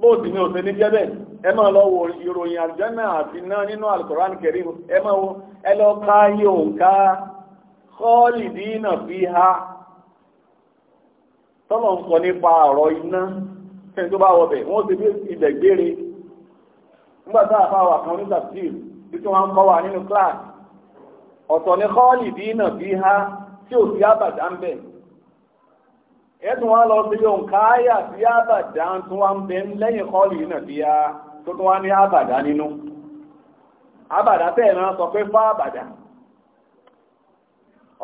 bóòdì ní òsè ní jẹ́bẹ̀ ẹ máa lọ wo ìròyìn àjẹ́nà àti náà nínú Al-Qur'an Karim ẹ máa wo ẹ lọ ká yóò ká khalidina fiha tọ́lọ̀ ń sọ nípa ọ̀rọ̀ iná tẹ́ni tó bá wọbẹ̀ wọ́n ti bí ilẹ̀ gbére nígbà tá a fa wà kan nígbà tí bí tí wọ́n ń kọ́ wa nínú kíláàsì ọ̀tọ̀ ni khalidina fiha tí ò sí àbàdà ń ẹ̀tún wá lọ sí yóò káyà sí àbàdá tó wá ń bẹ lẹ́yìn kọlù yìí náà bí a tó tún wá ní àbàdá nínú àbàdá tẹ́ẹ̀ náà sọ pé fá àbàdá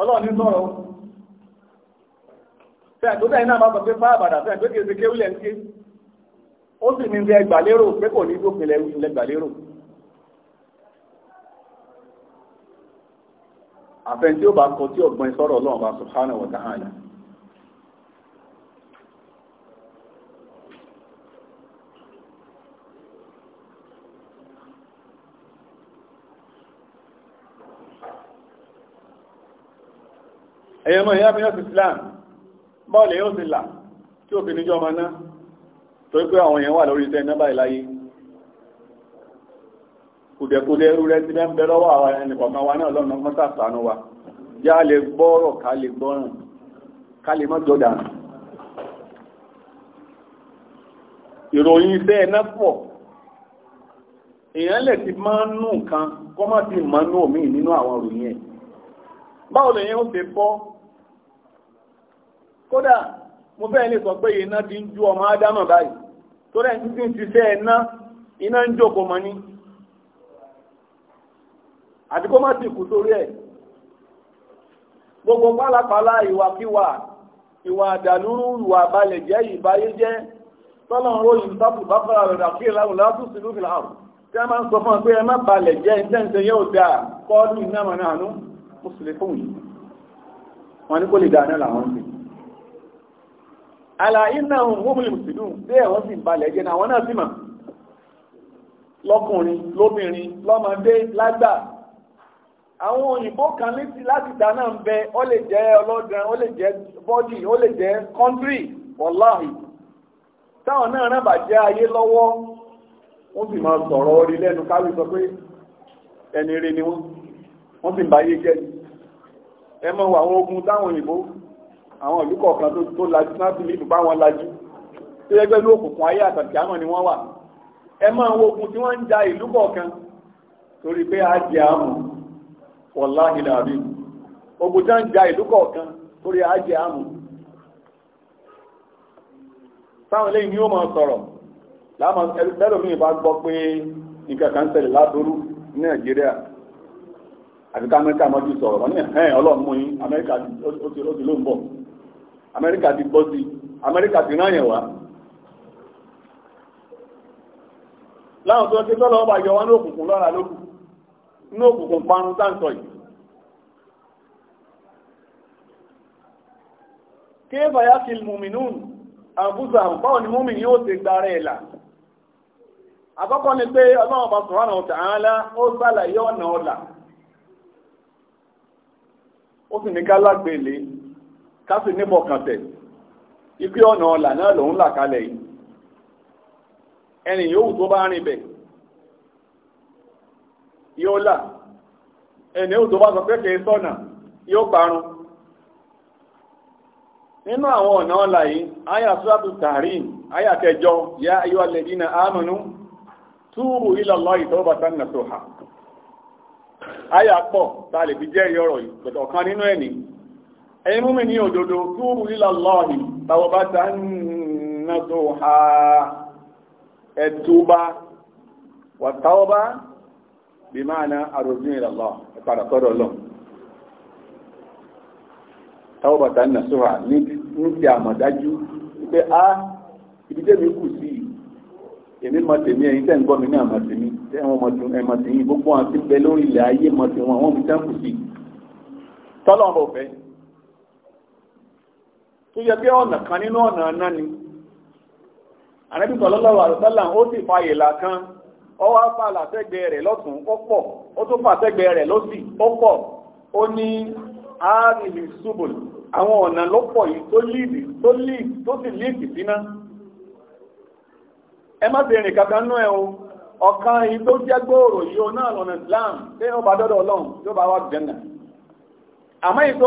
ọlọ́ọ̀ni sọ̀rọ̀ tẹ́ẹ̀ tó tẹ́ẹ̀ náà bá sọ pé fá àbàdá tẹ́ẹ̀ tó kéèsì kéwìlẹ̀ ń ké ó sì ní ilẹ̀ gbàlérò pé kò ní gbópinlẹ̀ ilẹ̀ gbàlérò àfẹ́ tí ó bá kọ tí bá ẹ̀yẹ mọ́ ìyá mìíràn Islam bọ́ọ̀lù yóò ti là tí ò fi níjọ́ ọmọ náà torí pé àwọn èèyàn wà lórí iṣẹ́ nọ́mbà ìláyé kùdẹ̀kùdẹ̀ ẹrú rẹ ti bẹ́ ń bẹ lọ́wọ́ àwọn ẹnìkọ̀ọ̀kan wa náà lọ́nà mọ́sà sànú wa yá lè gbọ́rọ̀ ká lè gbọ́ràn ká lè mọ́ jọdà ìròyìn iṣẹ́ ẹ̀ná pọ̀ èèyàn lè ti máa ń nù kan kọ́ má ti mọ́ nù mí nínú àwọn ìròyìn ẹ̀ báwo lèyàn ó ṣe bọ́ kódà mo fẹ́ lè sọ pé iná ti ń ju ọmọ ádámà báyìí tó rẹ̀ ti ń ṣiṣẹ́ iná iná ń jókòó mọ́ ní àti kó má sì kú sórí ẹ̀ gbogbo pálapàla ìwàkiwà ìwà àdàlúrú ìwà àbálẹ̀ jẹ́ ìbáyé jẹ́ tọ́lọ̀n ròyìn sápù bá fara rẹ̀ dàkí ìlàrùn látúnṣe ló fi tí a máa ń sọ fún ọ pé ẹ má balẹ̀ jẹ́ ìtẹ́ǹtẹ́ yóò dá kọ́ọ̀lù ìnáwó náà nú mùsùlùmí fún yìí wọn lè dáná làwọn ń ala iná ohun mùsùlùmù bí ẹ̀wọ́n sì balẹ̀ jẹ́ náà náà sì ma lọ́kùnrin lóbìnrin lọ́mọdé lágbà àwọn òyìnbó kan létí láti dá ń bẹ ó lè jẹ́ ọlọ́dún ó lè jẹ́ bọ́dì ó lè jẹ́ kọ́ńtírì wọ́láhì táwọn náà rán bàjẹ́ ayé lọ́wọ́ wọ́n sì máa sọ̀rọ̀ orí lẹ́nu káwé sọ pé ẹni ni wọ́n wọ́n sì bá jẹ́ ogun táwọn òyìnbó àwọn ìlú kan tó lajú náà ti lè bá wọn lajú tó ní ayé àtàkì àmọ́ ni wọ́n wà ẹ máa wo ogun tí wọ́n ń ja ìlú kan. torí pé a jẹ àmù wọ̀lá ja kan torí a jẹ àmù ni ó máa sọ̀rọ̀ bá gbọ́ pé nǹkan kan ní nàìjíríà àti ká amẹ́ríkà mọ́jú sọ̀rọ̀ amẹ́ríkà ti gbọ́ sí amẹ́ríkà ti rán yẹn wá láwọn tó ti tọ́lọ ọba yọ wọn ní òkùnkùn lọ́ra lókù ní òkùnkùn parun táǹtọ̀ yìí kéèfà yá kí mùmínún àǹfúsà báwọn ni múmi yóò ti gbára ẹ̀là àkọ́kọ́ ni pé ọlọ́run bá sọ̀rọ̀ àwọn tààlá ó sálà ọ̀nà ọ̀là ó sì ní ká lágbèlé ká sì níbọ̀ kàn tẹ̀ ipe ọ̀nà ọ̀là náà lòun là kalẹ̀ yìí ẹni yòówù tó bá rìn bẹ̀ yóò là ẹni yòówù tó bá sọ pé yóò parun nínú àwọn ọ̀nà ọ̀là yìí aya sùràtù tààrin àyà kẹjọ yá ayọ́ a lè fi jẹ́rìí ọ̀rọ̀ yìí pẹ̀lú nínú ẹ̀ nìyí ẹ̀yin mú mi ní òdodo túrù lílà lọ́ọ̀nì tàwọn bá ta nínú tó ha ẹ̀túbá wà táwọn bá bí máa na àròjú ìlà lọ ìpadà sọ́dọ̀ lọ táwọn bá ta nínú tó ha ní ti àmọ̀dájú pé a ibi tẹ́mi kù sí èmi mọ tèmi ẹ̀yin tẹ́ ń gbọ́ mi ní àmọ̀ tẹ́ wọn mọ tún gbogbo àwọn tí ilẹ̀ ayé mọ tèmi wọn sí tọ́lọ́ ọ̀fẹ́ tó yẹ pé ọ̀nà kan nínú ọ̀nà náà ni ànábì sallallahu alaihi wasallam ó sì fa ìlà kan ó wá fà látẹ́gbẹ́ rẹ̀ lọ́tún ó pọ̀ ó tún fà tẹ́gbẹ́ rẹ̀ lọ́sì ó pọ̀ ó ní ààrìlì subul àwọn ọ̀nà ló pọ̀ yìí tó sì líìdì síná ẹ má bèèrè kankan nú ẹ o ọ̀kan yìí tó jẹ́ gbòòrò yìí o náà lọ́nà Islam pé ó bá dọ́dọ̀ Ọlọ́run yóò bá wá jẹ́nà àmọ́ yìí tó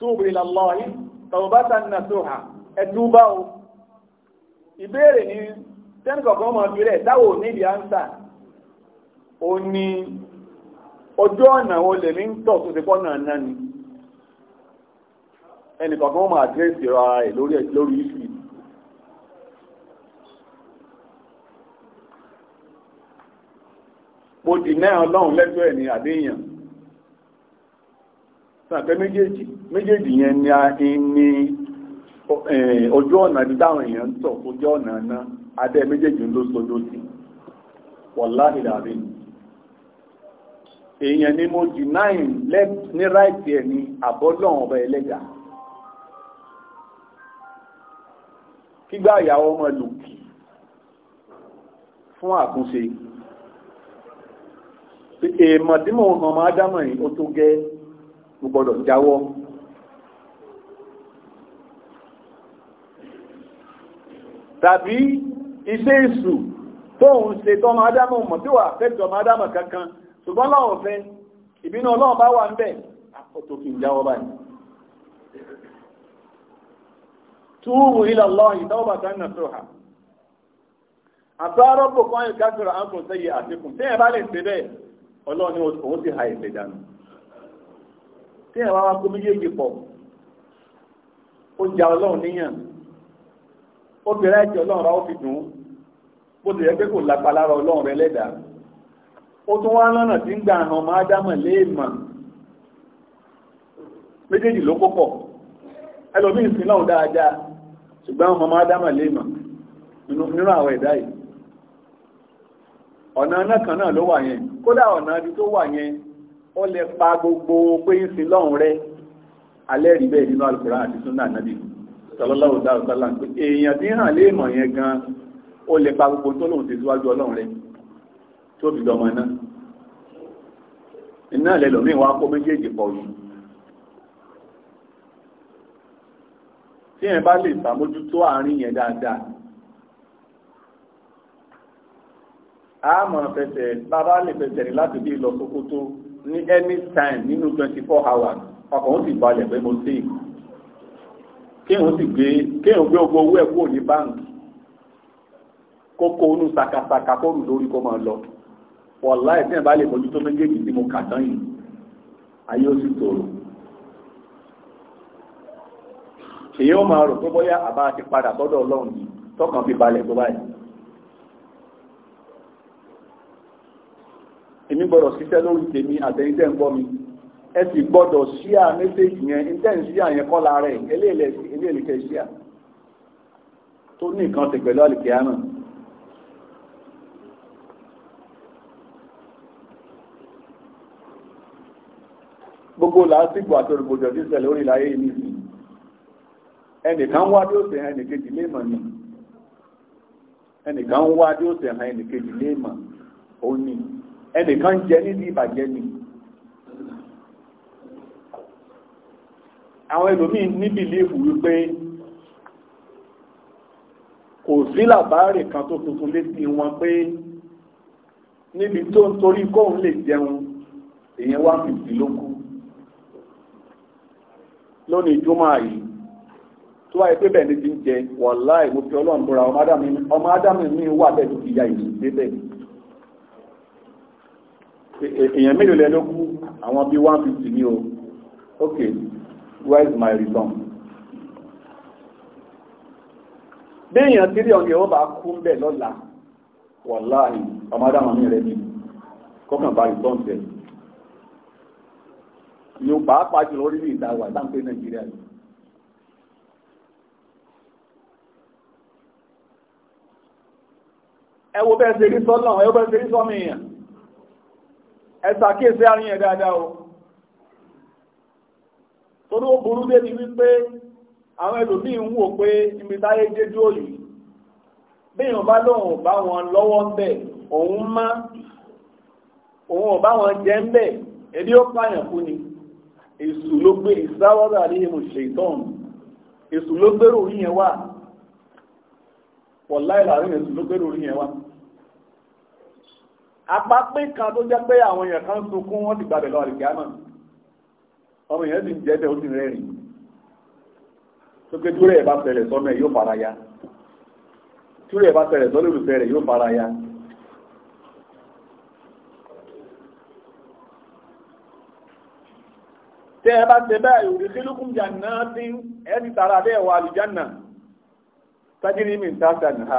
túbú ilallahi tawbatan nasuha ẹ̀túbá o ìbéèrè ni tẹ́nì kọ̀ọ̀kan mọ̀ bí rẹ̀ táwò níbi ánsà ó ní ojú ọ̀nà wo lèmi ń tọ̀ tó ti pọ́ náà náà ni ẹnì kọ̀ọ̀kan sàpẹ́ méjèèjì méjèèjì yẹn ni a ní eh, ojú ọ̀nà ibi èèyàn tọ̀ ojú ọ̀nà náà adé méjèèjì ló sojú sí èèyàn ni mo jì náìn ní ráìtì ẹ̀ ọba ẹlẹ́gà kígbà ìyàwó ọmọ fún àkúnṣe èèmọ̀ tí hàn máa dámọ̀ yìí ó tó mo gbọ́dọ̀ jáwọ́ tàbí iṣẹ́ èṣù tóun ṣe tọ́mọ adámọ̀ mọ̀ tí wà fẹ́ tọ́mọ adámọ̀ kankan ṣùgbọ́n láwọn fẹ́ ìbínú ọlọ́run bá wà ń bẹ̀ àkótó kì í jáwọ́ báyìí túwù ilẹ̀ lọ́hìn ìdáwọ́ bàtà ń nà sọ̀hà àtọ́rọ́bù kan ìkájọra àǹkùn sẹ́yìn àtikùn tí ẹ̀ bá lè ṣe bẹ́ẹ̀ ọlọ́run ni òun ti ha ìṣẹ̀dánù tí ẹ̀wà wá kó méjèèjì pọ̀ ó ọlọ́run níyàn ó bẹ̀rẹ̀ ẹ̀jẹ̀ ọlọ́run rà ó fi dùn bó ti yẹ pé kò lápá lára ọlọ́run rẹ lẹ́dàá ó tún wá lọ́nà tí ń gba àwọn ọmọ ádámọ̀ léèmọ̀ méjèèjì ló kó ẹlòmíì sí náà dáadáa ṣùgbọ́n àwọn ọmọ ádámọ̀ léèmọ̀ nínú àwọn ẹ̀dá yìí ọ̀nà náà kan náà ló wà yẹn kódà ọ̀nà ibi tó wà yẹn ó lè pa gbogbo pé ń sin lọ́hùn rẹ alẹ́ rí bẹ́ẹ̀ nínú alukura àti sunna nabi sallallahu alaihi wasallam pé èèyàn tí hàn lè mọ̀ yẹn gan ó lè pa gbogbo tó lòun ti síwájú ọlọ́run rẹ tó fi dọmọ náà iná lẹ́lọ́mìn wa kó méjèèjì pọ̀ yìí tí ẹ bá lè sàmójútó àárín yẹn dáadáa a mọ̀ fẹsẹ̀ bàbá lè fẹsẹ̀ rìn láti bí lọ Sókótó ní any time nínú twenty four hours ọkàn ó sì balẹ̀ pé mo sí kéèyàn sì gbé kéèyàn gbé gbogbo owó ẹ̀ kúrò ní bank? kó kó inú sàkàsàkà kó rù lórí kó máa lọ wọ̀lá ẹ̀sìn ẹ̀bá lè mójútó méjèèjì tí mo kà tán yìí ayé ó sì tòrò èyí ó máa rò pé bóyá àbá ti padà sọ́dọ̀ ọlọ́run yìí tọkàn fi balẹ̀ tó báyìí èmi gbọ́dọ̀ ṣiṣẹ́ lórí tèmi àtẹ̀yìn tẹ́ ń gbọ́ mi ẹ sì gbọ́dọ̀ ṣíà méjèèjì yẹn intanet ṣíà yẹn kọ́ lára ẹ̀ eléèlẹ́kẹ̀ ṣíà tó ní nǹkan ṣe pẹ̀lú àlìkẹ́ àmà gbogbo làásìgbò àti olùgbòjò tí ṣẹlẹ̀ orí láyé yìí nìsí ẹnìkan wá bí ó ṣe hàn ẹnìkejì léèmọ̀ ni ẹnìkan wá bí ó ṣe hàn ẹnìkejì léèmọ̀ ó ní ẹnìkan jẹ níbi ìbàjẹ́ ni àwọn ẹlòmíì ní bìlífù wípé kò sí làbáàrè kan tó tuntun létí wọn pé níbi tó ń torí kóun lè jẹun èèyàn wá fìfì ló kú lónìí júmọ́ yìí tó wáyé pé bẹ́ẹ̀ ni ti ń jẹ wàláì mo fi ọlọ́run búra ọmọ ádámù mi wà bẹ́ẹ̀ tó fi ya ìlú débẹ̀ èèyàn mélòó lẹ ló kú àwọn bíi one fifty ní o ok where is my return béèyàn tí rí ọ̀nà ìwọ́n bá kú ń bẹ̀ lọ́la wàláhì ọmọdé àwọn mí rẹ̀ ni kọ́kàn bá return tẹ̀ yóò pàápàá jùlọ orílẹ̀ ìdáwà láǹpẹ́ nàìjíríà yìí ẹ wo bẹ́ẹ̀ ṣe rí sọ́nà ẹ wo bẹ́ẹ̀ ṣe rí sọ́mìyàn ẹ̀sà kéèsì àárín ẹ̀ dáadáa o torí ó burú débi wípé àwọn ẹlòmíì ń wò pé ibi táyé dédú òyì béèyàn bá lóun ò bá wọn lọ́wọ́ bẹ̀ òun má òun ò wọn jẹ́ ń bẹ̀ ebi ó pààyàn kú ni èsù ló gbé ìsáwọ́dà ní ìmọ̀ ṣètọ́n èsù ló gbérò orí yẹn wà wọ̀láì láàrin èsù ló gbérò orí yẹn wà apápé kan tó jẹ́ pé àwọn èèyàn kan sunkún wọ́n ti gbàbẹ̀ lọ àlìkíámà ọmọ èèyàn sì ń jẹ́ bẹ́ẹ̀ ó sì rẹ́rìn tó pé túrẹ̀ ẹ̀ bá fẹ̀rẹ̀ sọ́nà ẹ̀ yóò fara ya túrẹ̀ ẹ̀ bá fẹ̀rẹ̀ sọ́nà olùfẹ́ rẹ̀ yóò fara ya tẹ́ ẹ bá ṣe bẹ́ẹ̀ òrì sílùkùn jàǹnà tí ẹ ti tara bẹ́ẹ̀ wà àlùjànnà tajiri mi ń tàṣà nìhà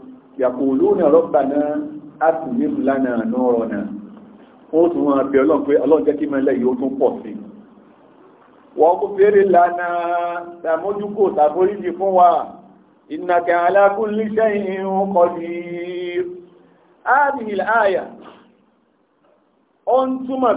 yaquluna rabbana atmim lana nurana wọ́n tún wọn bẹ ọlọ́run pé ọlọ́run jẹ́ kí máa lẹ́yìn ó tún pọ̀ sí wọ́n kò fèrè lánà tàmójúkò tàforíjì fún wa innaka ala kulli shay'in qadir áàbìnil àyà ó ń túmọ̀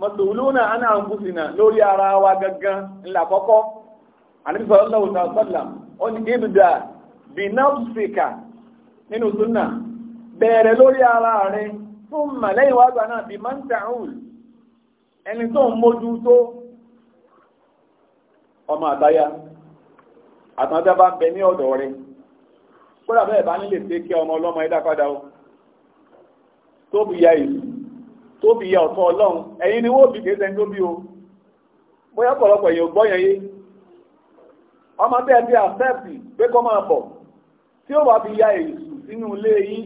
mọ̀tòlúnà àná àǹkúsìnà lórí ara wa gangan ńlá kọ́kọ́ àníbìsọ̀rọ̀lọ́wọ́ sàlọ́sọ́là ó ní ibùdá binafsika nínú súnà bẹ̀rẹ̀ lórí ara rẹ̀ fún màlẹ́yìn wá gbà náà bí mọ́ntàún ẹni tó ń mójú tó ọmọ àtayá àtàntà bá ń bẹ ní ọ̀dọ̀ rẹ̀ kódà bẹ́ẹ̀ bá nílè pé kí ọmọ ọlọ́mọ ẹ̀dá padà ó tó ya ìlú tó ya yẹ ọ̀tọ̀ ọlọ́run ẹ̀yìn ni wọ́n bí o bóyá pọ̀lọpọ̀ èèyàn gbọ́ yé ọmọ bẹ́ẹ̀ bí àfẹ́ẹ̀tì pé kọ́ máa bọ̀ tí ó wà fi ya èsù sínú ilé yín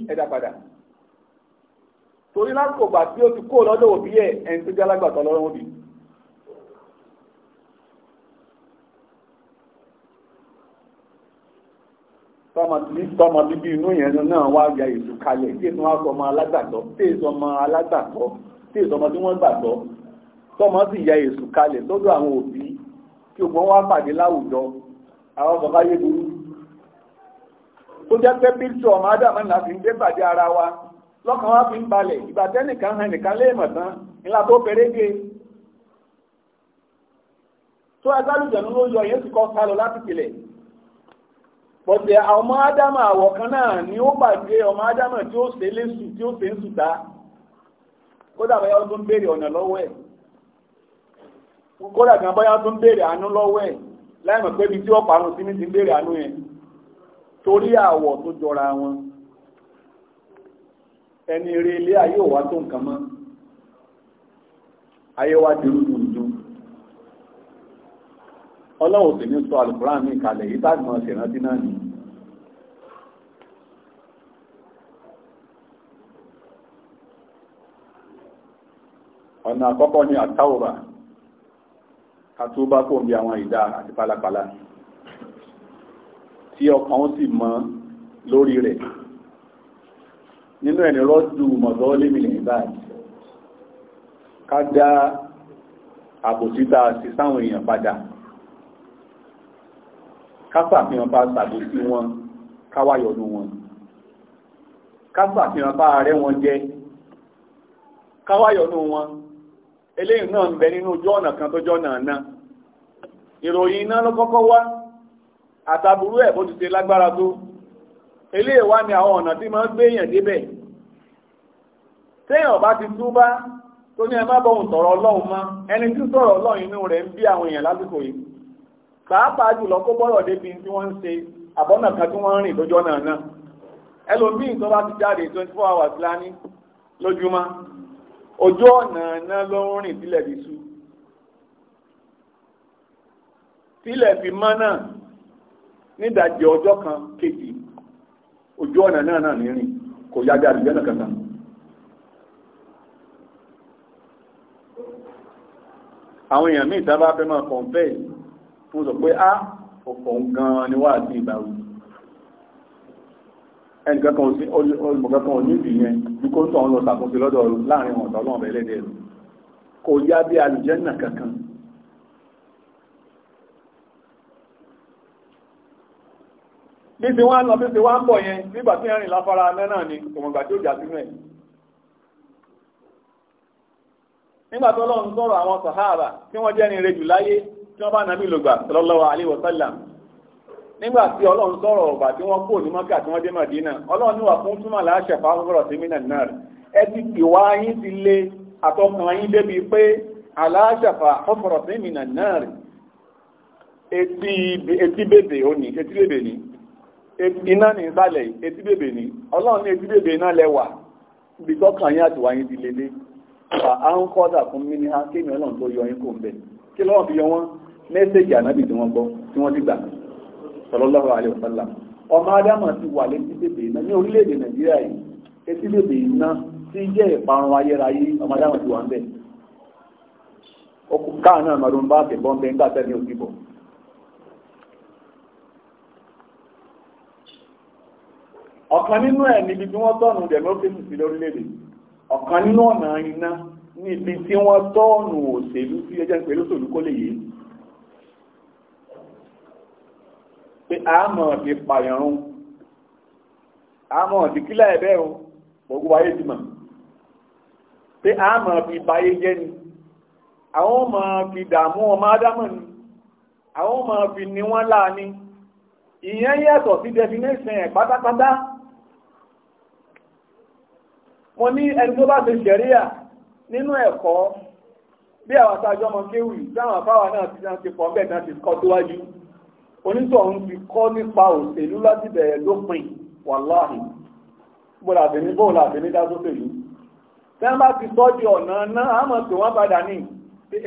torí lásìkò tí ó ti kó lọ́dọ̀ òbí ẹ̀ tó jẹ́ alágbàtọ́ lọ́rùn tọmọ bíbí inú yẹn náà wá ya ìlú kalẹ̀ tí èso wọn sọmọ alágbàtọ́ tí èso ọmọ alágbàtọ́ tí èso ọmọ tí wọ́n gbàtọ́ tọmọ sì ya èso kalẹ̀ lọ́dọ̀ àwọn òbí kí ògbọ́n wá pàdé láwùjọ àwọn bàbá yé burú tó jẹ́ pé píktù ọmọ ádámù náà fi ń dé pàdé ara wa lọ́kàn wá fi ń balẹ̀ ìgbà tẹ́nìkan hàn nìkan léèmọ̀ tán ńlá tó péréke tó ẹgbẹ́ àlùjọ ló yọ yẹn ti kọ́ sálọ láti tilẹ̀ pọ̀tẹ̀ ọmọ ádámà àwọ̀kan náà ni ó gbàgbé ọmọ ádámà tí ó ṣe lésù tí ó ṣe ń sùta kódà báyá ó tún béèrè ọ̀nà lọ́wọ́ ẹ̀ kódà gan báyá ó tún béèrè àánú lọ́wọ́ ẹ̀ láìmọ̀ pé ibi tí ó parun sí ní ti béèrè àánú yẹn torí àwọ̀ tó jọra wọn ẹni rí ilé ayé ò wá tó nǹkan mọ́ ayé wa dèrú ọlọ́wọ́ sì ní sọ alùpùrán ní ìkàlẹ̀ yìí tàbí wọn ṣèrántí náà ni ọ̀nà àkọ́kọ́ ní àtàwòrà àtúbá kò ń bí àwọn ìdá àti pálapàla tí ọkàn ó sì mọ́ lórí rẹ̀ nínú ẹni rọ́jú mọ̀dọ́ lémìnì báyìí ká dá àbòsíta sí sáwọn èèyàn padà kásàfihàn bá sàdé sí wọn káwáyọ̀nù wọn kásàfihàn bá rẹ́ wọn jẹ́ káwáyọ̀nù wọn eléyìí náà ń bẹ nínú ojú ọ̀nà kan tó jọ́nà náà ìròyìn iná ló kọ́kọ́ wá àtàbùrú ẹ̀ bó ti ṣe lágbára tó eléyìí wá ní àwọn ọ̀nà tí máa ń gbéyàn débẹ̀ téèyàn bá ti túbá tó ní ẹ má bọ́hùn sọ̀rọ̀ ọlọ́run mọ́ ẹni tí sọ̀rọ̀ ọlọ́run inú rẹ̀ ń bí àwọn èèyàn lásìkò yìí pàápàá jùlọ kó bọ́rọ̀ débi tí wọ́n ń ṣe àbọ́nà kan tí wọ́n ń rìn lójọ́ náà náà ẹlòmíì tó bá ti jáde 24 four hours lání lójúmọ́ ojú ọ̀nà náà ló ń rìn sílẹ̀ fi sú sílẹ̀ fi mọ́ náà nídàjẹ́ ọjọ́ kan kejì ojú ọ̀nà náà náà ní rìn kò yájà àdìgbẹ́ náà kankan. àwọn èèyàn míì tá bá fẹ́ máa kọ̀ǹpẹ́ẹ̀lì mo sọ pé á ah, ọ̀pọ̀ gan ni wà á sí ìgbà òjò ẹnìkan kan sí olùmọ̀kan kan oníbi yẹn bí kó ń tọ̀ ń lọ sàkóso lọ́dọ̀ láàrin ọ̀dọ́ ọlọ́run rẹ̀ lẹ́dẹ̀ẹ́ rẹ̀ kò yá bí alùjẹ́nà ni òmùgbà tí ó jà sínú ẹ̀ nígbà tó àwọn sàhábà tí wọ́n jẹ́ ni rejù láyé tí wọ́n bá nàbí lògbà sallallahu alaihi wasallam nígbà tí ọlọ́run sọ̀rọ̀ ọ̀gbà tí wọ́n kò ní mọ́kà tí wọ́n dé mọ̀dínà ọlọ́run níwà fún túmọ̀ láṣẹ fáfọ́rọ̀ sí mínà náà ẹ ti ìwà yín ti lé àtọkàn yín débi pé aláṣẹ fáfọ́rọ̀ sí mínà náà etí bèbè ó ní etí bèbè ní iná ní ìsàlẹ̀ etí bèbè ní ọlọ́run ní etí bèbè iná lẹ́wà ibi tọ́kàn yín àti wáyé ti lélẹ̀ à ń kọ́ dà fún mi ní ha ọlọ́run tó yọ yín kò ń bẹ̀ kí lọ́wọ́ fi yọ wọ́n mẹ́sẹ̀jì ànábì tí wọ́n gbọ́ tí wọ́n ti gbà sallallahu alaihi wasallam ọmọ adámọ̀ ti wà létí bèbè iná ní orílẹ̀-èdè nàìjíríà yìí létí bèbè iná tí jẹ́ ìparun ayérayé ọmọ adámọ̀ ti wà ń bẹ̀ okùn káà náà mọ̀rún bá bẹ̀ bọ́m̀bẹ̀ ń gbàtẹ́ ní òdìbò ọ̀kan nínú ẹ̀ níbi tí wọ́n tọ́nù democracy sí lórílẹ̀-èdè ọ̀kan nínú ọ̀nà iná níbi tí wọ́n tọ́nù òṣèlú sí ẹjẹ́ pẹ̀lú òṣèlú kó pé àmọ̀ ti pààyàn àmọ̀ ti kílà ẹ̀bẹ́ o gbogbo ayé ti mọ̀ pé àmọ̀ fi báyé jẹ́ ni àwọn ọmọ fi dààmú ọmọ ádámọ̀ ni àwọn ọmọ fi ni wọ́n láà ni ìyẹn yàtọ̀ sí definition ẹ̀ pátápátá mo ní ẹni tó bá ṣe ṣẹ̀ríà nínú ẹ̀kọ́ bí àwọn àtàjọ́ ọmọ kéwì táwọn afáwà náà ti náà ti pọ̀ bẹ́ẹ̀ náà ti kọ́ síwájú onítọ̀hún fi kọ́ nípa òṣèlú láti bẹ̀rẹ̀ lópin wàláhì bọ́lá àbẹ̀ní bọ́ọ̀lá àbẹ̀ní dásókè yìí tí wọ́n bá ti tọ́jú ọ̀nà náà á mọ̀ pé wọ́n padà ní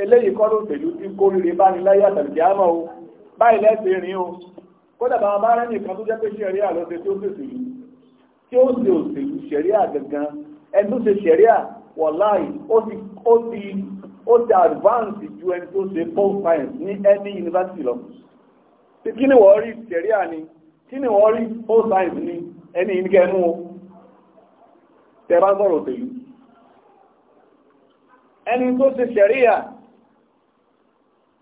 eléyìí kọ́ lóṣèlú tí kó rere bá ní láyé àtàlùkì àmọ́ o báyìí lẹ́sẹ̀ rìn o kódà bá wọn bá rẹ́yìn kan tó jẹ́ pé ṣẹ̀rí àlọ́sẹ̀ tí ó ṣèṣì yìí tí ó ṣe òṣèlú ṣẹ̀rí àgangan ẹni tó ṣe ṣẹ̀rí à wàláhì ó ti ó ti ó ti advance ju ẹni tó ṣe post science ní any university lọ tí kí ni wọ́n rí ṣẹ̀ríà ni kí ni wọ́n rí all science ni ẹni ìníkẹ́ mú o tẹ̀bá sọ̀rọ̀ òṣèlú ẹni tó ṣe ṣẹ̀ríà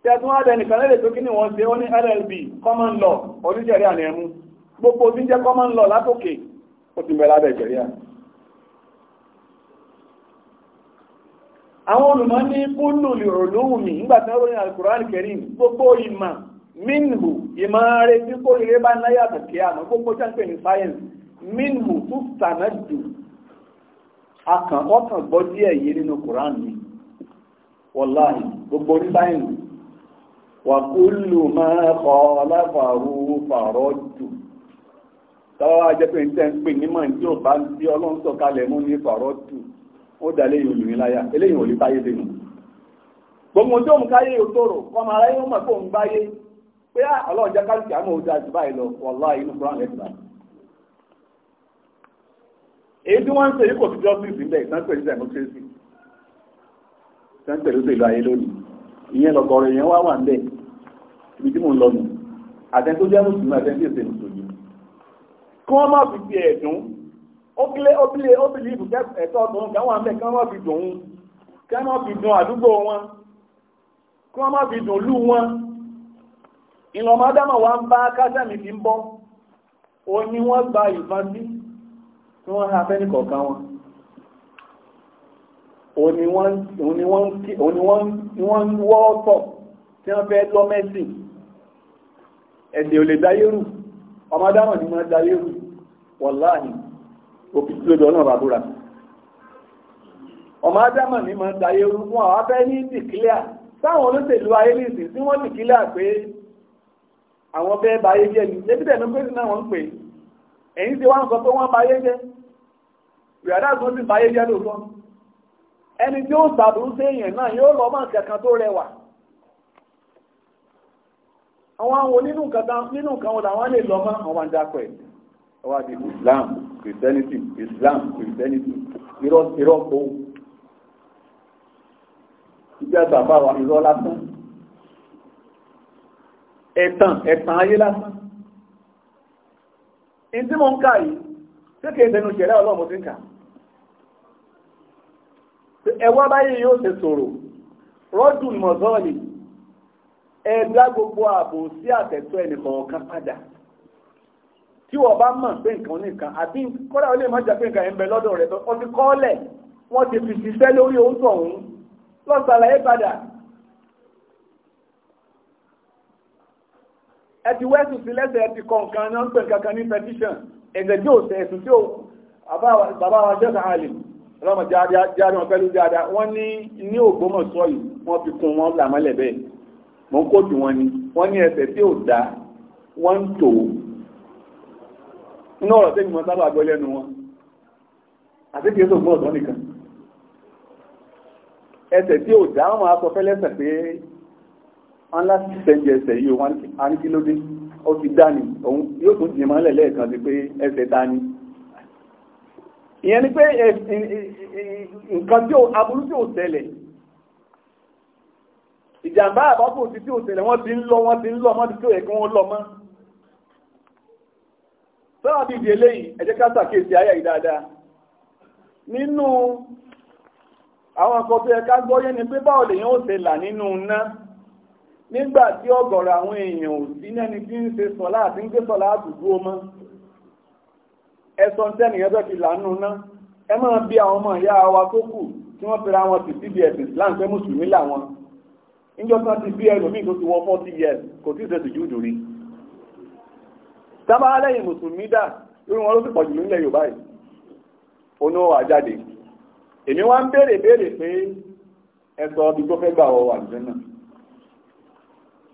tẹ̀tún adẹ nìkan lẹ́lẹ̀ tó kí ni wọ́n ṣe ó ní LLB common law oníṣẹ̀ríà ni ẹmú gbogbo tí jẹ́ common law látòkè ó ti bẹ̀rẹ̀ abẹ́ ṣẹ̀ríà àwọn olùmọ̀ ní kúlù lè rò lóhùn mi nígbàtí wọ́n ròyìn Al-Qur'an Karim gbogbo ìmọ̀ minhu ìmọ̀ rẹ̀ tí kò rere bá náyà tàkì àmọ́ gbogbo jẹ́ ń minhu tó tànà jù akàn ọkàn gbọ́ díẹ̀ yìí nínú Quran ni wọláì gbogbo ní sáyẹ̀nsì wà kúlù máa kọ́ fàrọ́ jù tọ́wọ́ tí ó bá ń ọlọ́run mú gbogbo káyé yóò pé ah, ọlọ́run jẹ́ àmọ́ ojú àti báyìí lọ wọ́lá inú brown èyí tí wọ́n ń ṣe kò fi justice ń bẹ̀ democracy ìtàn pẹ̀lú ìlú ayé lónìí ìyẹn lọ́gọ́rọ̀ ìyẹn wá wà ń bẹ̀ ibi tí mò ń jẹ́ mùsùlùmí mùsùlùmí kí wọ́n má fi ẹ̀dùn ìbù kí wọ́n má fi dùn kí wọ́n má fi dùn àdúgbò wọn kí wọ́n má ìlọ́mọ adámọ̀ wa ń bá kásẹ̀mì fi ń bọ́ o ní wọ́n gba ìbọn sí tí wọ́n ha fẹ́ nìkọ̀ọ̀kan wọn o ni wọ́n ń wọ́ ọ̀tọ̀ tí wọ́n fẹ́ lọ mẹ́sì ẹ̀sẹ̀ ò lè dáyérù ọmọ adámọ̀ ni wọ́n dáyérù wọ̀láàhì òfin náà bàbúrà ọmọ adámọ̀ ni wọ́n dáyérù wọn àwọn afẹ́ ní ìdìkílẹ̀ sáwọn olóṣèlú ayélujára tí wọ́n dìkílẹ̀ pé àwọn bẹ́ẹ̀ bá yé jẹ́ ni lébí dẹ̀ ló pé náà wọ́n ń pè ẹ̀yìn tí wọ́n sọ pé wọ́n bá yé jẹ́ rìádà tó sì bá yé jẹ́ lóòótọ́ ẹni tí ó sàbùrú sí èèyàn náà yóò lọ mọ̀ kankan tó rẹwà àwọn àwọn nínú nǹkan wọn làwọn lè lọ mọ́ àwọn àdàkọ̀ ẹ̀ ọwọ́ àti Islam Christianity Islam Christianity irọ́ irọ́ kó ìjẹ́ bàbá wa irọ́ lásán ẹ̀tàn ẹ̀tàn ayé lásán in tí mo ń ká yìí tí kìí tẹnu ṣẹ̀rẹ́ ọlọ́run mo ti ń kà ẹwà báyìí yóò ṣe sọ̀rọ̀ rọ́dù mọ̀zọ́ọ̀lì ẹ̀dá gbogbo ààbò sí àtẹ̀tọ́ ẹnìkọ̀ọ̀kan padà tí wọ́n bá mọ̀ pé nǹkan nìkan àbí kọ́dà ó lè má jà pé nǹkan ẹ̀ lọ́dọ̀ rẹ̀ tó ti kọ́ọ́lẹ̀ wọ́n ti fi ṣiṣẹ́ lórí oúnjẹ òun lọ́sàlàyé padà ẹ ti wẹ́sùn sí lẹ́sẹ̀ ẹ ti kọ nǹkan náà ń pè nǹkan kan ní petition ẹ̀sẹ̀ tí ò sẹ̀ ẹ̀sùn tí ò bàbá wa jẹ́ sàálì ọlọ́mọ jáde wọn pẹ̀lú jáde wọ́n ní ní Ògbómọ̀ṣọ́ yìí wọ́n fi kún wọn làmọ́lẹ̀ bẹ́ẹ̀ mọ́ kóòtù wọn ni wọ́n ní ẹsẹ̀ tí ò dá wọ́n ń tò inú ọ̀rọ̀ tẹ́gbìmọ̀ sábà gbọ́ lẹ́nu wọn àti kìí sọ gbọ́ọ̀tọ́ nìkan ẹsẹ̀ tí ò dá wọn máa sọ fẹ́lẹ́sẹ̀ pé wọn láti sẹ́ńdì ẹsẹ̀ yìí wọn á ní kí ló dé ó ti dá ni òun yóò tún dì mọ́lẹ̀ lẹ́ẹ̀kan sí pé ẹsẹ̀ ta ni ìyẹn ni pé nǹkan tí aburú tí ò ṣẹlẹ̀ ìjàmbá àbápò tí tí ò ṣẹlẹ̀ wọ́n ti ń lọ wọ́n ti ń lọ mọ́ ti tó yẹ kí wọ́n lọ mọ́ sọ́wọ́n ti di eléyìí ẹ jẹ́ ká ṣàkíyèsí ayé yìí dáadáa nínú àwọn nǹkan tó yẹ ká gbọ́ yé ni pé báwo lèyàn ó ṣe là nínú ná nígbà tí ọ̀gọ̀rọ̀ àwọn èèyàn ò sí lẹ́ni tí ń ṣe sọ̀lá àti ń gbé sọ̀lá àdúgbò mọ́ ẹ̀sọ́ tẹ́nì ẹgbẹ́ fi lànà ná ẹ máa bí àwọn ọmọ ìyá wa tó kù tí wọ́n fẹ́ra wọn sí síbi ẹ̀sìn Islam pé mùsùlùmí làwọn níjọ́ tán ti bí ẹlòmíì tó ti wọ forty years kò tí ì ṣe sùjúdù rí sábà lẹ́yìn mùsùlùmí dà irú wọn ló sì pọ̀jù nílẹ̀ Yorùbá yìí oní ọ̀wà jáde èmi wá ń béèrè béèrè pé ẹ̀sọ́ ibi tó fẹ́ gbà wọ àdìjọ náà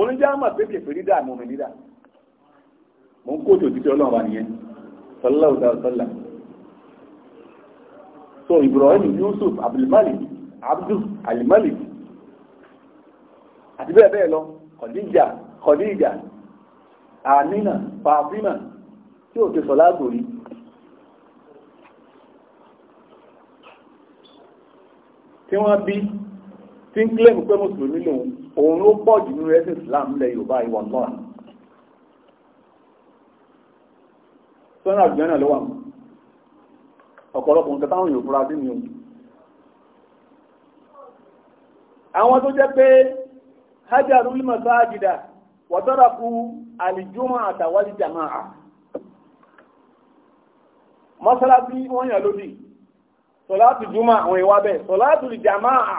oníjà mà pé kèfè rí dà mọ̀ mi nídà mo ń kó tó títí ọlọ́run wa sallallahu alaihi wasallam so Ibrahim Yusuf Abdulmalik Abdul Alimalik àti bẹ́ẹ̀ bẹ́ẹ̀ lọ Khadija Khadija Amina Fatima tí ò ti sọ lágbòrí tí wọ́n bí tí ń kílẹ̀mù pé mùsùlùmí lòun òun ló pọ̀ jù nínú ẹ̀sìn Islam lẹ Yorùbá ìwà náà sọ́nà àjùmọ́ náà ọ̀pọ̀lọpọ̀ nǹkan táwọn yóò fura sí ni o àwọn tó jẹ́ pé hajarul masajida wa taraku al-jumu'ata wal jama'a mọ́sálásí wọ́n yàn lódì sọ̀látù jùmọ̀ àwọn ìwà sọ̀látù jama'a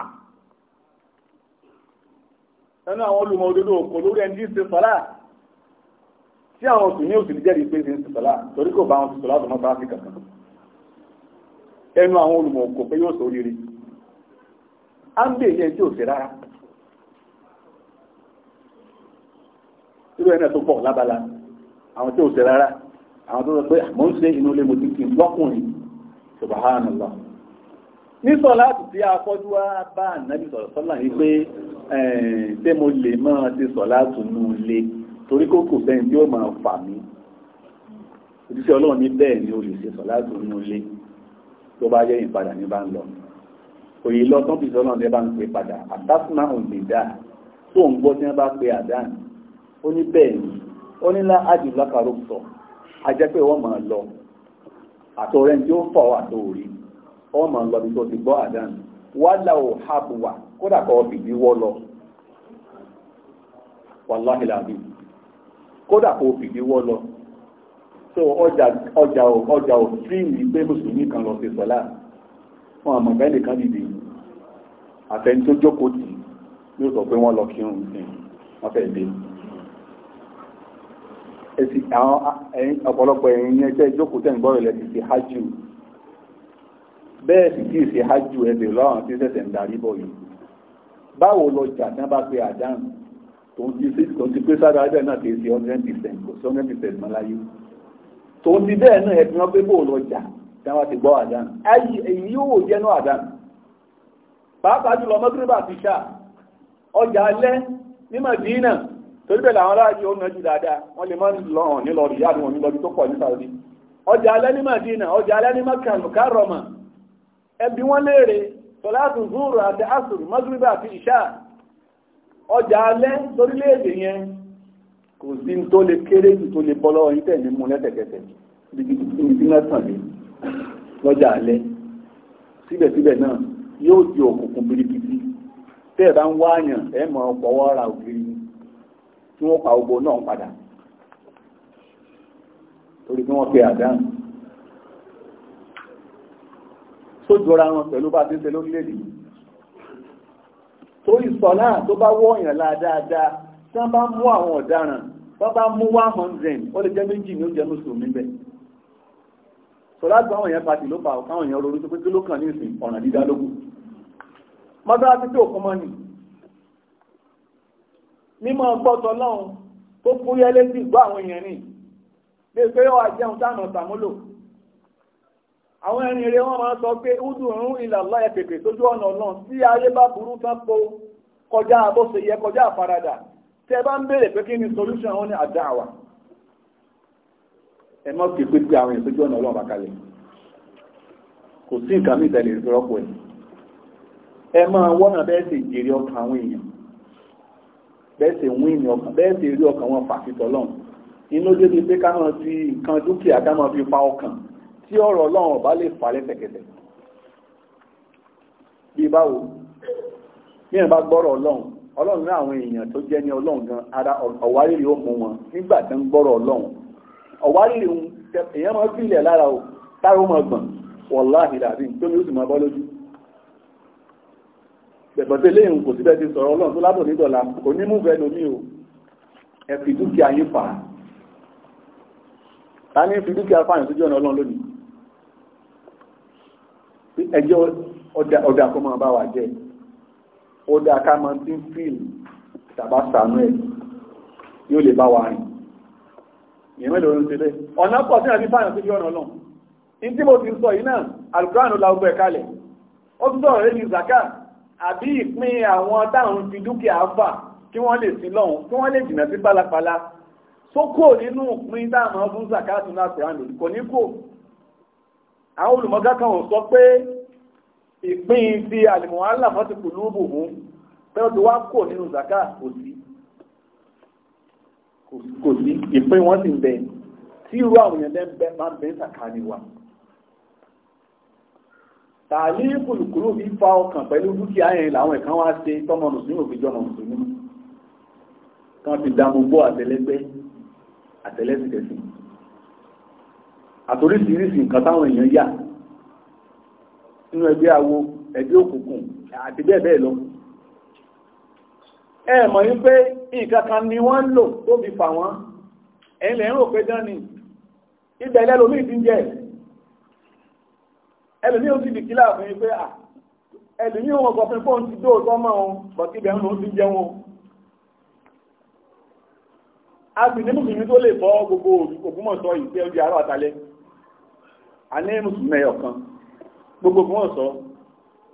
nínú àwọn olùmọ̀ òdodo òkò lórí ẹni tí ń ṣe sọ́lá tí àwọn oṣù ní òsì jẹ́rìí pé ń ṣe sọ́lá torí kò bá wọn ti sọ́lá ọ̀dọ̀mọ́ sáà sí kankan ẹnu àwọn olùmọ̀ òkò pé yóò sọ oríire á ń bè yẹn tí ò sí rárá irú ẹ̀nà tó pọ̀ lábala àwọn tí ò sí rárá àwọn tó sọ pé mo ń ṣe inú ilé mo ti kì í lọ́kùnrin subhanallah nísọ̀ láti tí a kọjú wá bá ànábì sọ̀rọ̀ sọ́là ní pé ṣé mo lè máa ti sọ̀ láti nú ilé torí kó kò sẹ́yìn tí ó máa fà mí ojúṣe ọlọ́run ní bẹ́ẹ̀ ni o lè ṣe sọ̀ láti nú ilé tó bá yẹ ìpadà ní bá ń lọ òye lọ tán bí sọ́lọ́run ní bá ń pè padà àtàkùnmá òun tó ń gbọ́ tí wọ́n bá pe àdáàn ó ní bẹ́ẹ̀ ni ó ní lá àjùlákàrọ̀ sọ ajẹ́ pé wọ́n máa lọ àtọ̀rẹ́ tí ó fọ̀ àtọ̀ òrí ọmọ lọ́bi tó ti gbọ́ àdánù wàlà ò hàbùwà kódà kọ́ fìdí wọ́ lọ wàláhì làbí kódà kọ́ fìdí wọ́ lọ so ọjà ọjà ọjà ò fíìmù pé mùsùlùmí kan lọ sí sọlá wọn àmọ̀ bẹ́ẹ̀ nìkan dìde àtẹni tó jókòó tì yóò sọ pé wọ́n lọ kírun sí wọ́n fẹ́ dé èsì àwọn ọ̀pọ̀lọpọ̀ ẹ̀yìn ẹjẹ́ ìjókòó tẹ̀ ń gbọ́rọ̀ lẹ́sìn ti hajj bẹ́ẹ̀ sì kí ìṣe hajj ẹbẹ̀ lọ́rùn tí ṣẹ̀ṣẹ̀ ń darí bọ̀ yìí báwo lọ jà tí wọ́n bá pe àdán tó ń ti sí tó ń ti pé sára ẹgbẹ́ náà kì í ṣe hundred percent kò sí hundred percent mọ́ láyé tó ń ti bẹ́ẹ̀ náà ẹ̀fìn wọn pé bó lọ jà tí wọ́n ti gbọ́ àdán ayé èyí yóò jẹ́nu àdán pàápàá jùlọ mọ́tírìbà ti ṣá ọjà alẹ́ ní Madina torí bẹ́ẹ̀ làwọn aráàlú ó nájú dáadáa wọ́n lè má lọ́rùn nílọ́ọ̀rì yáàdùn òní lọ́dún tó pọ̀ ní Saudi ọjà alẹ́ ní Madina ọjà alẹ́ ní ẹbí wọ́n léèrè tọ́látù zúrù àti asùrù mọ́gíríbà àti ìṣà ọjà alẹ́ lórílẹ̀-èdè yẹn kò sí tó lè kéré jù tó lè bọ́lọ́ yín tẹ̀lé mú lẹ́tẹ̀kẹsẹ̀ níbi mẹ́sàn lé lọ́jà alẹ́ síbẹ̀síbẹ̀ náà yóò di òkùnkùn birikiti tẹ́ bá ń wá àyàn ẹ̀ ọ̀pọ̀wọ́ ra ògiri tí wọ́n pa ogbó náà padà torí kí wọ́n pe àdáhùn tó jọra wọn pẹ̀lú bá ti ń ṣe lórílẹ̀-èdè torí sọ̀lá tó bá wọ́ èèyàn la dáadáa tí wọ́n bá mú àwọn ọ̀daràn tó bá mú one hundred ó lè jẹ́ méjì ní oúnjẹ mùsùlùmí bẹ́ẹ̀ sọ̀lá tó àwọn èèyàn pàtì ló pa káwọn èèyàn ronú tó pé kí ló kàn ní ìsìn ọ̀ràn dídá lógún mọ́tàlásí tó kún mọ́ nì mímọ́ gbọ́tọ̀ lọ́hùn tó fúyẹ́ àwọn ẹni rẹ wọn máa sọ pé udu rún ilà láyẹ pèpè sójú ọ̀nà náà tí ayé bá burú tán kọjá bó yẹ kọjá àfaradà tẹ bá ń béèrè pé kí ni solution àwọn ní àdáwà ẹ má fi pípé àwọn ìsójú ọ̀nà ọlọ́run àkàlẹ̀ kò sí nǹkan mi ìtẹ̀lẹ̀ ẹ máa wọ́nà bẹ́ẹ̀ sì jèrè ọkàn àwọn èèyàn bẹ́ẹ̀ sì wín ní ọkàn bẹ́ẹ̀ sì rí ọkàn wọn tí ọ̀rọ̀ ọlọ́run ọba lè fà lẹ́sẹ̀kẹsẹ̀ bí báwo bí ẹ̀ bá gbọ́rọ̀ ọlọ́run ọlọ́run ní àwọn èèyàn tó jẹ́ ní ọlọ́run gan ara ọ̀wárìrì ó mú wọn nígbà tó ń gbọ́rọ̀ ọlọ́run ọ̀wárìrì èèyàn máa fìlẹ̀ lára o táwọn ọmọ gbọ̀n wọ̀láhì làbí tó ní ó sì máa bọ́ lójú bẹ̀bọ̀tẹ́ léyìn kò síbẹ̀ ti sọ̀rọ̀ ọlọ́run tó lábọ̀ nídọ̀la kò ní mú bẹ́ẹ̀ lómi o ẹ fi dúkìá yín fà á ta ní fi dúkìá fáyìn sójú ọ̀nà ọlọ́run lónìí ẹjọ́ ọ̀dà kọ́ máa bá wà jẹ́ ọ̀dà ká máa ti ń fíìlì tàbá sànú ẹ̀ yóò lè bá wa rìn ìyẹn mẹ́lẹ̀ orin tẹ́lẹ̀ ọ̀nà pọ̀ sí àti fáyọ̀ sí bí ọ̀nà náà in tí mo ti sọ yìí náà alukuraanu la gbọ́ ẹ̀kalẹ̀ ó tún sọ̀rọ̀ lẹ́yìn zaka àbí ìpín àwọn táwọn fi dúkìá fà kí wọ́n lè sí lọ́hùn kí wọ́n lè jìnà sí pálapàla tó kò nínú ìpín táwọn fún zaka tún alukuraanu kò ní kò àwọn olùmọ̀gá kan ò sọ pé ìpín ti àlìmọ̀ aláfọ́ ti kù lóòbù mú pé ó ti wá kò nínú zaka kò sí kò sí ìpín wọn sì ń bẹ tí irú àwọn èèyàn lẹ́ńbẹ́ máa ń bẹ ń sàkáàní wa tààlí kùlùkùlù fi fa ọkàn pẹ̀lú dúkìá yẹn làwọn ẹ̀kan wá ṣe tọmọ mùsùlùmí òfin jọmọ mùsùlùmí kan ti dààmú bó àtẹlẹgbẹ àtẹlẹsìkẹsì àtòrísìírísì nǹkan táwọn èèyàn yà nínú ẹgbẹ́ awo ẹgbẹ́ òkùnkùn àti bẹ́ẹ̀ bẹ́ẹ̀ lọ ẹ mọ̀ yí pé nǹkan kan ni wọ́n ń lò tó fi fà wọ́n ẹ̀lẹ̀ ń rò pé dán ni ibẹ̀ lẹ́lòmí ti ń jẹ́ ẹlòmí ò sì fi kílà fún yí pé à ẹlòmí ò wọ́n kọ fún fóun ti dóòtọ́ mọ́ wọn bọ̀tí ibẹ̀ ń lò ti jẹ́ wọn a sì ní mùsùlùmí tó lè bọ́ gbogbo Ògbómọ̀ṣọ́ ìpẹ́ oúnjẹ àárọ̀ àtàlẹ́ a ní mùsùlùmí ẹyọ kan gbogbo fún ọ̀sọ́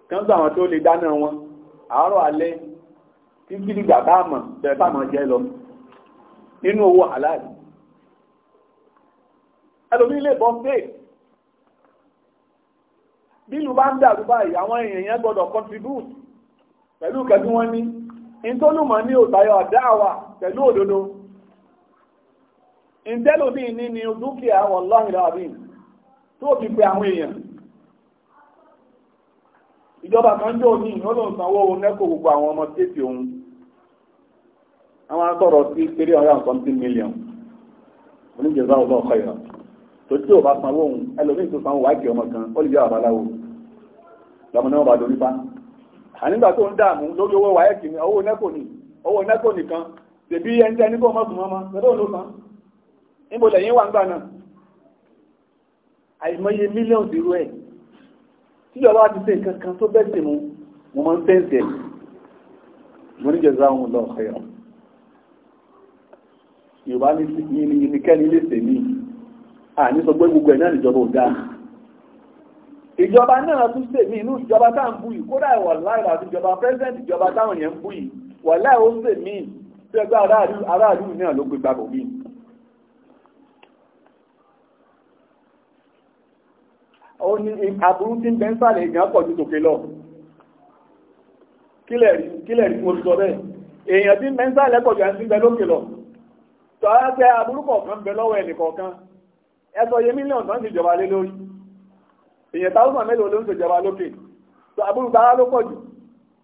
kan gbà wọn tó lè dáná wọn àárọ̀ alẹ́ títí dìgbà bá mọ̀ bẹ́ẹ̀ bá mọ̀ jẹ́ lọ nínú owó halal ẹlòmí lè bọ́ pé bílù bá ń dàrú báyìí àwọn èèyàn yẹn gbọ́dọ̀ contribute pẹ̀lú kẹ́bí wọ́n ní ìtọ́lùmọ̀ ní òtayọ̀ àdáwà pẹ̀lú òdodo ìtẹ́lòmí ní ni dúkìá wọ̀lọ́hìnrà àbíyàn tó fi pé àwọn èèyàn ìjọba kan jọ ní ìrọ́lọ́sànwó onẹ́kò gbogbo àwọn ọmọ tẹ́sì ohun àwọn asọ̀rọ̀ sí 300 million oníjẹ̀zá ọ̀dọ́ ọ̀kọ̀ ìrọ̀ tó tí ò bá sanwó ohun ẹlòmíì tó sanwó wáìkì ọmọ kan ó lè jẹ́ àbáláwo lọ́mọ náà bá dorí bá ànígbà tó ń dààmú lórí owó wáìkì ni owó onẹ́kò ni owó onẹ́kò nìkan tèbí ẹni tẹ́ ní kó mọ́sùn mọ́mọ́ tẹ́lẹ́ òun ló san náà àìmọye mílíọ̀nù irú ẹ̀ tíjọba ti ṣe nǹkan kan tó bẹ́sẹ̀ mu mo máa ń fẹ́ǹsì ẹ̀ mo ní jẹ̀zá òun lọ ọ̀fẹ́yọ̀ yorùbá ní yìnyínkẹ́ni lè sè mí àní sọ pé gbogbo ẹ̀ náà níjọba ò dáa ìjọba náà tún sèmi inú ìjọba táà ń bú yìí kódà wàláì àti ìjọba president ìjọba táwọn yẹn ń bú yìí wàláì ó sèmi tí ẹgbẹ́ aráàlú náà ló gbé gbàgbọ́ bíi ó ní aburú tí ń bẹ ń sàlẹ̀ ìgbà pọ̀ ju tòkè lọ kílẹ̀ rí mo sọ bẹ́ẹ̀ èèyàn tí ń bẹ ń sàlẹ̀ pọ̀ ju àti ń bẹ lókè lọ tọ́lá tẹ aburú kọ̀ọ̀kan ń bẹ lọ́wọ́ ẹnì kọ̀ọ̀kan ẹ sọ iye mílíọ̀nù tán ti jọba lé lórí èèyàn táwọn mélòó ló ń ṣèjọba lókè tó aburú tààrà ló pọ̀ jù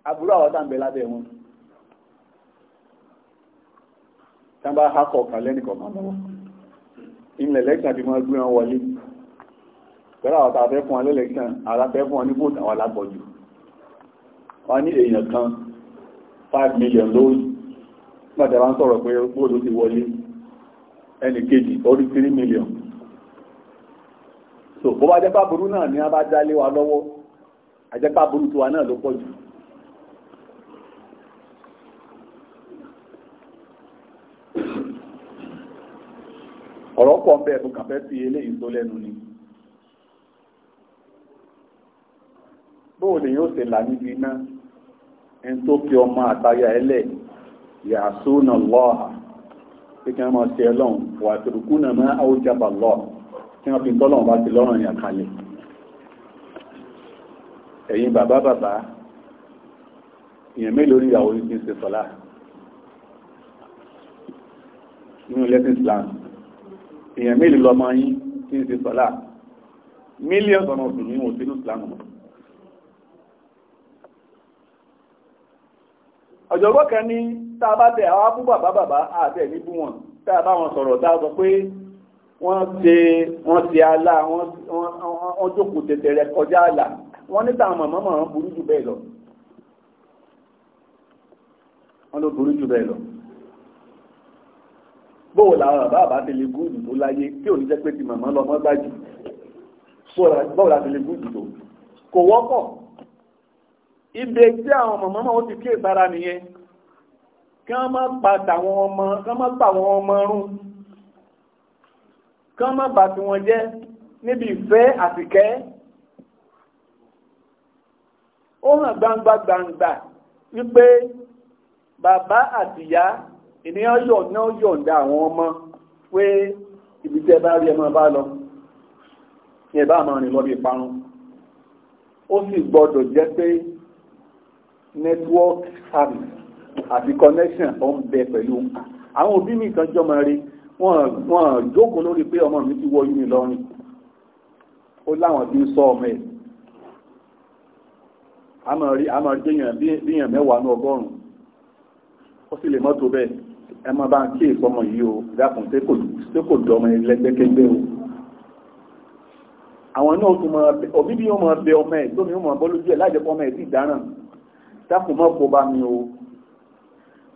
aburú àwọn tá ń bẹ lábẹ́ tọ́lá àwọn tàbẹ́ fún alẹ́lẹ́kàn alábẹ́ fún ọní vote àwọn alágbọ̀jù wọ́n ní èèyàn kan 5 million lórí gbàtà bá ń sọ̀rọ̀ pé gbóòdó ti wọlé ẹnì kejì orí 3 million so bó bá jẹ́pá burú náà ni a bá dálé wa lọ́wọ́ àjẹ́pá burú tiwa náà ló pọ̀ jù ọ̀rọ̀ pọ̀ ń bẹ́ẹ̀ tó kàn fẹ́ fi eléyìí tó lẹ́nu ni bóò lè yóò ṣe là níbi iná ẹni tó fi ọmọ àtayà ẹlẹ̀ yàásùnà lọ́ọ̀hà pé kí wọ́n máa ṣe ẹlọ́run wà tìrùkú náà máa áwùjábà lọ́ọ̀ kí wọ́n fi tọ́lọ́run bá ti lọ́rùn yàn kalẹ̀ ẹ̀yin bàbá bàbá èèyàn mélòó ní ìyàwó yìí ti ń ṣe sọ́lá nínú lẹ́sìn Islam èèyàn mélòó lọ́mọ yín ti ń ṣe sọ́lá mílíọ̀nù ọ̀nà ọ̀sùn ní òsínú Islam mọ́ ọ̀jọ̀gbọ́n kan ní tá a bá tẹ àwọn abú bàbá bàbá àti ẹ̀mí bú wọn tá a bá wọn sọ̀rọ̀ tá a sọ pé wọ́n ṣe wọ́n ṣe alá wọ́n jókòó tètè rẹ kọjá àlà wọ́n ní táwọn màmá màmá burú jù bẹ́ẹ̀ lọ wọ́n ló burú jù bẹ́ẹ̀ lọ bóò làwọn bàbá àbá ti lè gúùdù tó láyé kí ò jẹ́ pé ti màmá lọ mọ́ gbájú bóò làwọn ti lè gúùdù tó kò wọ́pọ̀ ibè tí àwọn màmá máa ń ti kí ìsára nìyẹn kí wọ́n má padà wọn ọmọ kí wọ́n má pa wọn ọmọ rún kí wọ́n má bà tí wọ́n jẹ́ níbi ìfẹ́ àtìkẹ́ ó hàn gbangba gbangba wípé bàbá àtìyá ènìyàn yọ̀ náà yọ̀ǹda àwọn ọmọ pé ibi tẹ́ bá rí ẹmọ bá lọ ní ẹ̀bá àmọ́ rìn lọ bí ó sì gbọ́dọ̀ jẹ́ pé network service àti connection ó ń bẹ pẹ̀lú àwọn òbí mi kan jọmọ rí wọ́n jókòó lórí pé ọmọ mi ti wọ yúni lọ́rùn ó láwọn bí ń sọ ọmọ ẹ̀ a máa rí a máa déyàn bíyàn mẹ́wàá ní ọgọ́rùn-ún ó sì lè mọ́tò bẹ́ẹ̀ ẹ máa bá ń kí ìfọmọ yìí o dákùn tí kò dọmọ ẹlẹ́gbẹ́kẹ́gbẹ́ o àwọn náà tún máa òbí bí wọ́n máa bẹ ọmọ ẹ̀ tómi wọ́n máa bọ́ lójú ẹ̀ láìjẹ́pọ̀ ọmọ ẹ̀ sì dáràn dákun mọ́ kó bá mi o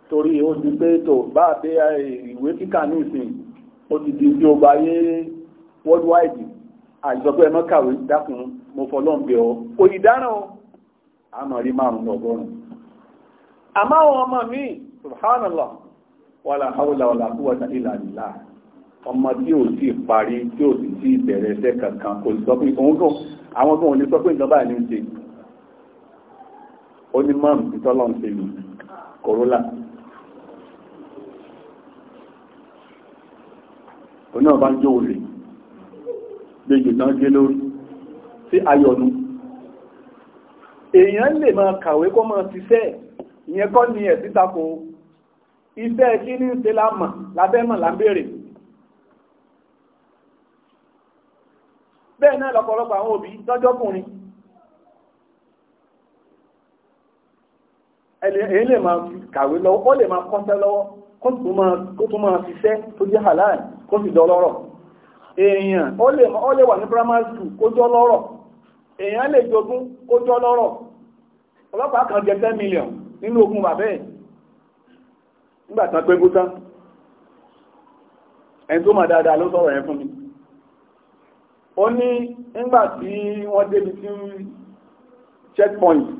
torí ó ti pé tó bá a dé eh, ìwé kíkà ní ìsìn ó ti di bí ó gba ayé worldwide àìsọpẹ́ ẹ̀mọ́ kàwé dákun mo fọlọ́n bẹ̀ ọ́ òyì dáràn àmọ́ rí márùn-ún ọgọ́rùn-ún àmọ́ àwọn ọmọ mi subhanallah wàlà hawla wàlà quwwata illa billah ọmọ tí ò sí parí tí ò sì sí ìbẹ̀rẹ̀ ẹsẹ̀ kankan kò sọ pé òun kò àwọn kan ò lè sọ pé ìjọba ẹ̀ ní ń ṣe ó ní mọ́m ìtọ́lọ̀ ń sèlú Corolla oní ọba ń jó olè gbèjò náà gé lórí sí ayọ̀nu èèyàn lè máa kàwé kó máa ṣiṣẹ́ ìyẹn kọ́ ni ẹ̀ síta kò iṣẹ́ kí ní ṣe lámà lábẹ́mọ̀ lábẹ́rẹ̀ bẹ́ẹ̀ náà lọ́pọ̀lọpọ̀ àwọn òbí tọ́jọ́kùnrin èyí ma máa kàwé lọ́wọ́ ó lè máa kọ́ṣẹ́ lọ́wọ́ kó tún máa ṣiṣẹ́ tó jẹ́ halal kó sì dọ́lọ́rọ̀ èèyàn ó lè wà ní primary school kó jọ lọ́rọ̀ èèyàn lè jogún kó jọ lọ́rọ̀ ọlọ́pàá kan jẹ 10 million nínú ogun bàbẹ́ ẹ̀ nígbàtán pé gútán ẹni tó mà dáadáa ló sọ̀rọ̀ ẹ̀ fún mi ó ní nígbà tí wọ́n débi sí checkpoint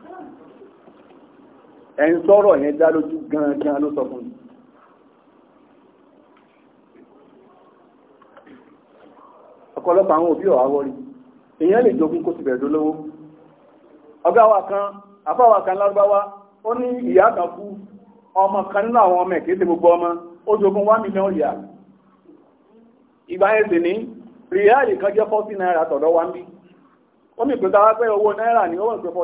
ẹni sọ̀rọ̀ yẹn dá lójú gan-an ló sọ fún mi. ọ̀pọ̀lọpọ̀ àwọn òbí lè jogún kó ti lówó kan kan lárúbáwá ó ní ìyá kan ọmọ kan nínú àwọn ọmọ ẹ̀kẹ́ ọmọ ó jogún ìgbà yẹn sì ní naira tọ̀dọ̀ ń bí ó ni ó wọ̀n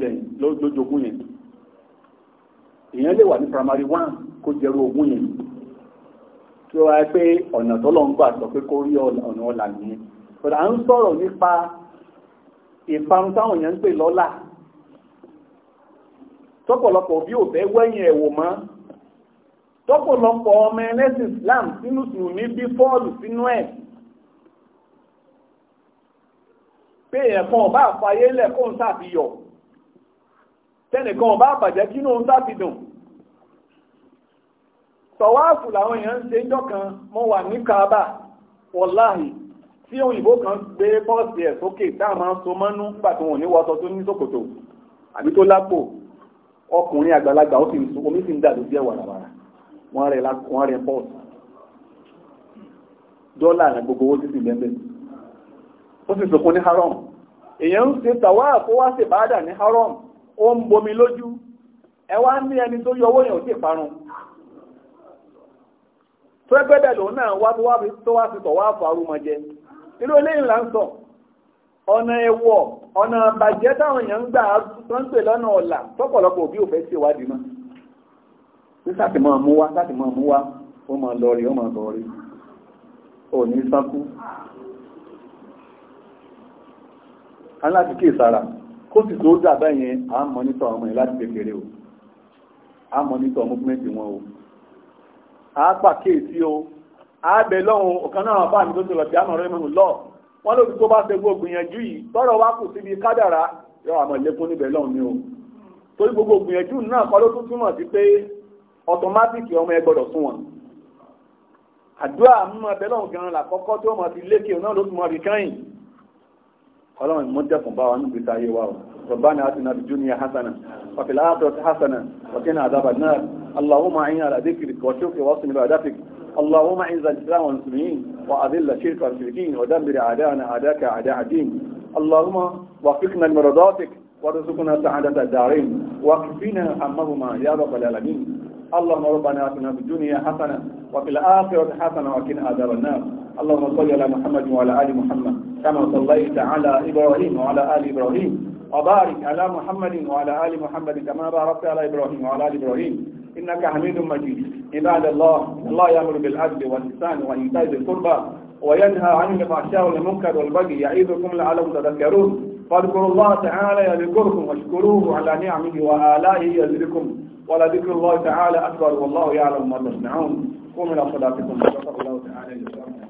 pé ló èèyàn lè wà ní primary one kó jẹrú ogún yẹn tí ó wáyé pé ọ̀nà tọ́lọ̀ ń gbà sọ pé kó rí ọ̀nà ọ̀là nìyẹn ọ̀dà ń sọ̀rọ̀ nípa ìparun táwọn èèyàn ń pè lọ́là tọ́pọ̀lọpọ̀ bí ò fẹ́ wẹ́yìn ẹ̀wò mọ́ tọ́pọ̀lọpọ̀ ọmọ ẹlẹ́sìn Islam sínú sùnmí bí fọ́ọ̀lù sínú ẹ̀ pé èèyàn kan ọba àfayé lẹ̀ ń sàfihàn tẹ́nìkan ọba àbàjẹ́ kí ní oúnjẹ ti dùn tọ̀wáàfù làwọn èèyàn ń ṣe jọ kan mo wà ní kaaba wọláhì tí òyìnbó kan gbé bọ́ọ̀sì ẹ̀ sókè tá a máa so mọ́nú nígbà tó wọn ní wọ́sọ tó ní ṣòkòtò àbí tó lápò ọkùnrin àgbàlagbà ó sì ń sun omi sì ń dà lójú ẹ̀ wàràwàrà wọ́n rẹ̀ wọ́n rẹ̀ pọ́ọ̀sì dọ́là rẹ̀ gbogbo owó títì lẹ́bẹ̀ẹ́ ó sì sọkún ní haram èèyàn ń ṣe tàwáàfù wá ṣèbáàdà ní haram ó ń bomi lójú ẹ ní ẹni tó yọ owó yẹn ò tí ì lòun náà wá tó wá fi tọ̀ wá fàárù mọ́ jẹ irú eléyìí là ń sọ ọ̀nà ẹ̀wọ̀ ọ̀nà àbàjẹ́ táwọn èèyàn ń gbà tó ń pè lọ́nà ọ̀la tọ́pọ̀lọpọ̀ òbí ò fẹ́ sí ìwádìí mọ́ ní sáàtì máa mú wá sáàtì máa mú wá ó máa kó sì tó dàbẹ́ yẹn a ń mọ́nítọ̀ ọmọ yẹn láti kékeré o à ń mọ́nítọ̀ múfúmẹ́ntì wọn o a á pàkíyèsí o à á bẹ̀ lọ́hùn ọ̀kan náà àbá mi tó ti lọ sí àmọ̀ rẹ̀ mọ̀ lọ wọn ló ti tó bá ṣe gbogbo yìí tọ́rọ̀ wá kù síbi kádàrá yọ àmọ̀ ìlẹ́kùn níbẹ̀ lọ́hùn ni o torí gbogbo ìgbìyànjú náà kọ́ ló tún túmọ̀ sí pé ọtọmátìkì ọmọ ẹ gbọ́dọ̀ fún wọn àdúrà mímọ ẹbẹ lọ́hùn gan-an làkọ́kọ́ tó mọ̀ sí lékè náà ló tún mọ̀ rí kẹ́yìn ọlọ́run fún bá wa nígbèsà ayé wa rọ̀bánà àti nàbì júnìyà hasana ọ̀fìlà àtọ̀tí hasana ọ̀kẹ́nà àdábà náà allahumma ayin aladikiri kọ̀ṣọ́kẹ̀ àdékiri ìlú àdáfik اللهم اعز الاسلام والمسلمين واذل الشرك والمشركين ودمر اعداءنا اعداءك اللهم ربنا اتنا في الدنيا حسنة وفي الآخرة حسنة وقنا عذاب النار اللهم صل على محمد وعلى آل محمد كما صليت على إبراهيم وعلى آل إبراهيم وبارك على محمد وعلى آل محمد كما باركت على إبراهيم وعلى آل إبراهيم إنك حميد مجيد عباد الله الله يأمر بالعدل والإحسان وإيتاء ذي القربى وينهى عن الفحشاء والمنكر والبغي يعظكم لعلكم تذكرون فاذكروا الله تعالى يذكركم واشكروه على نعمه وآلائه يزدكم ولذكر الله تعالى أكبر والله يعلم ما تصنعون قوموا إلى صلاتكم وصلى الله تعالى وسلم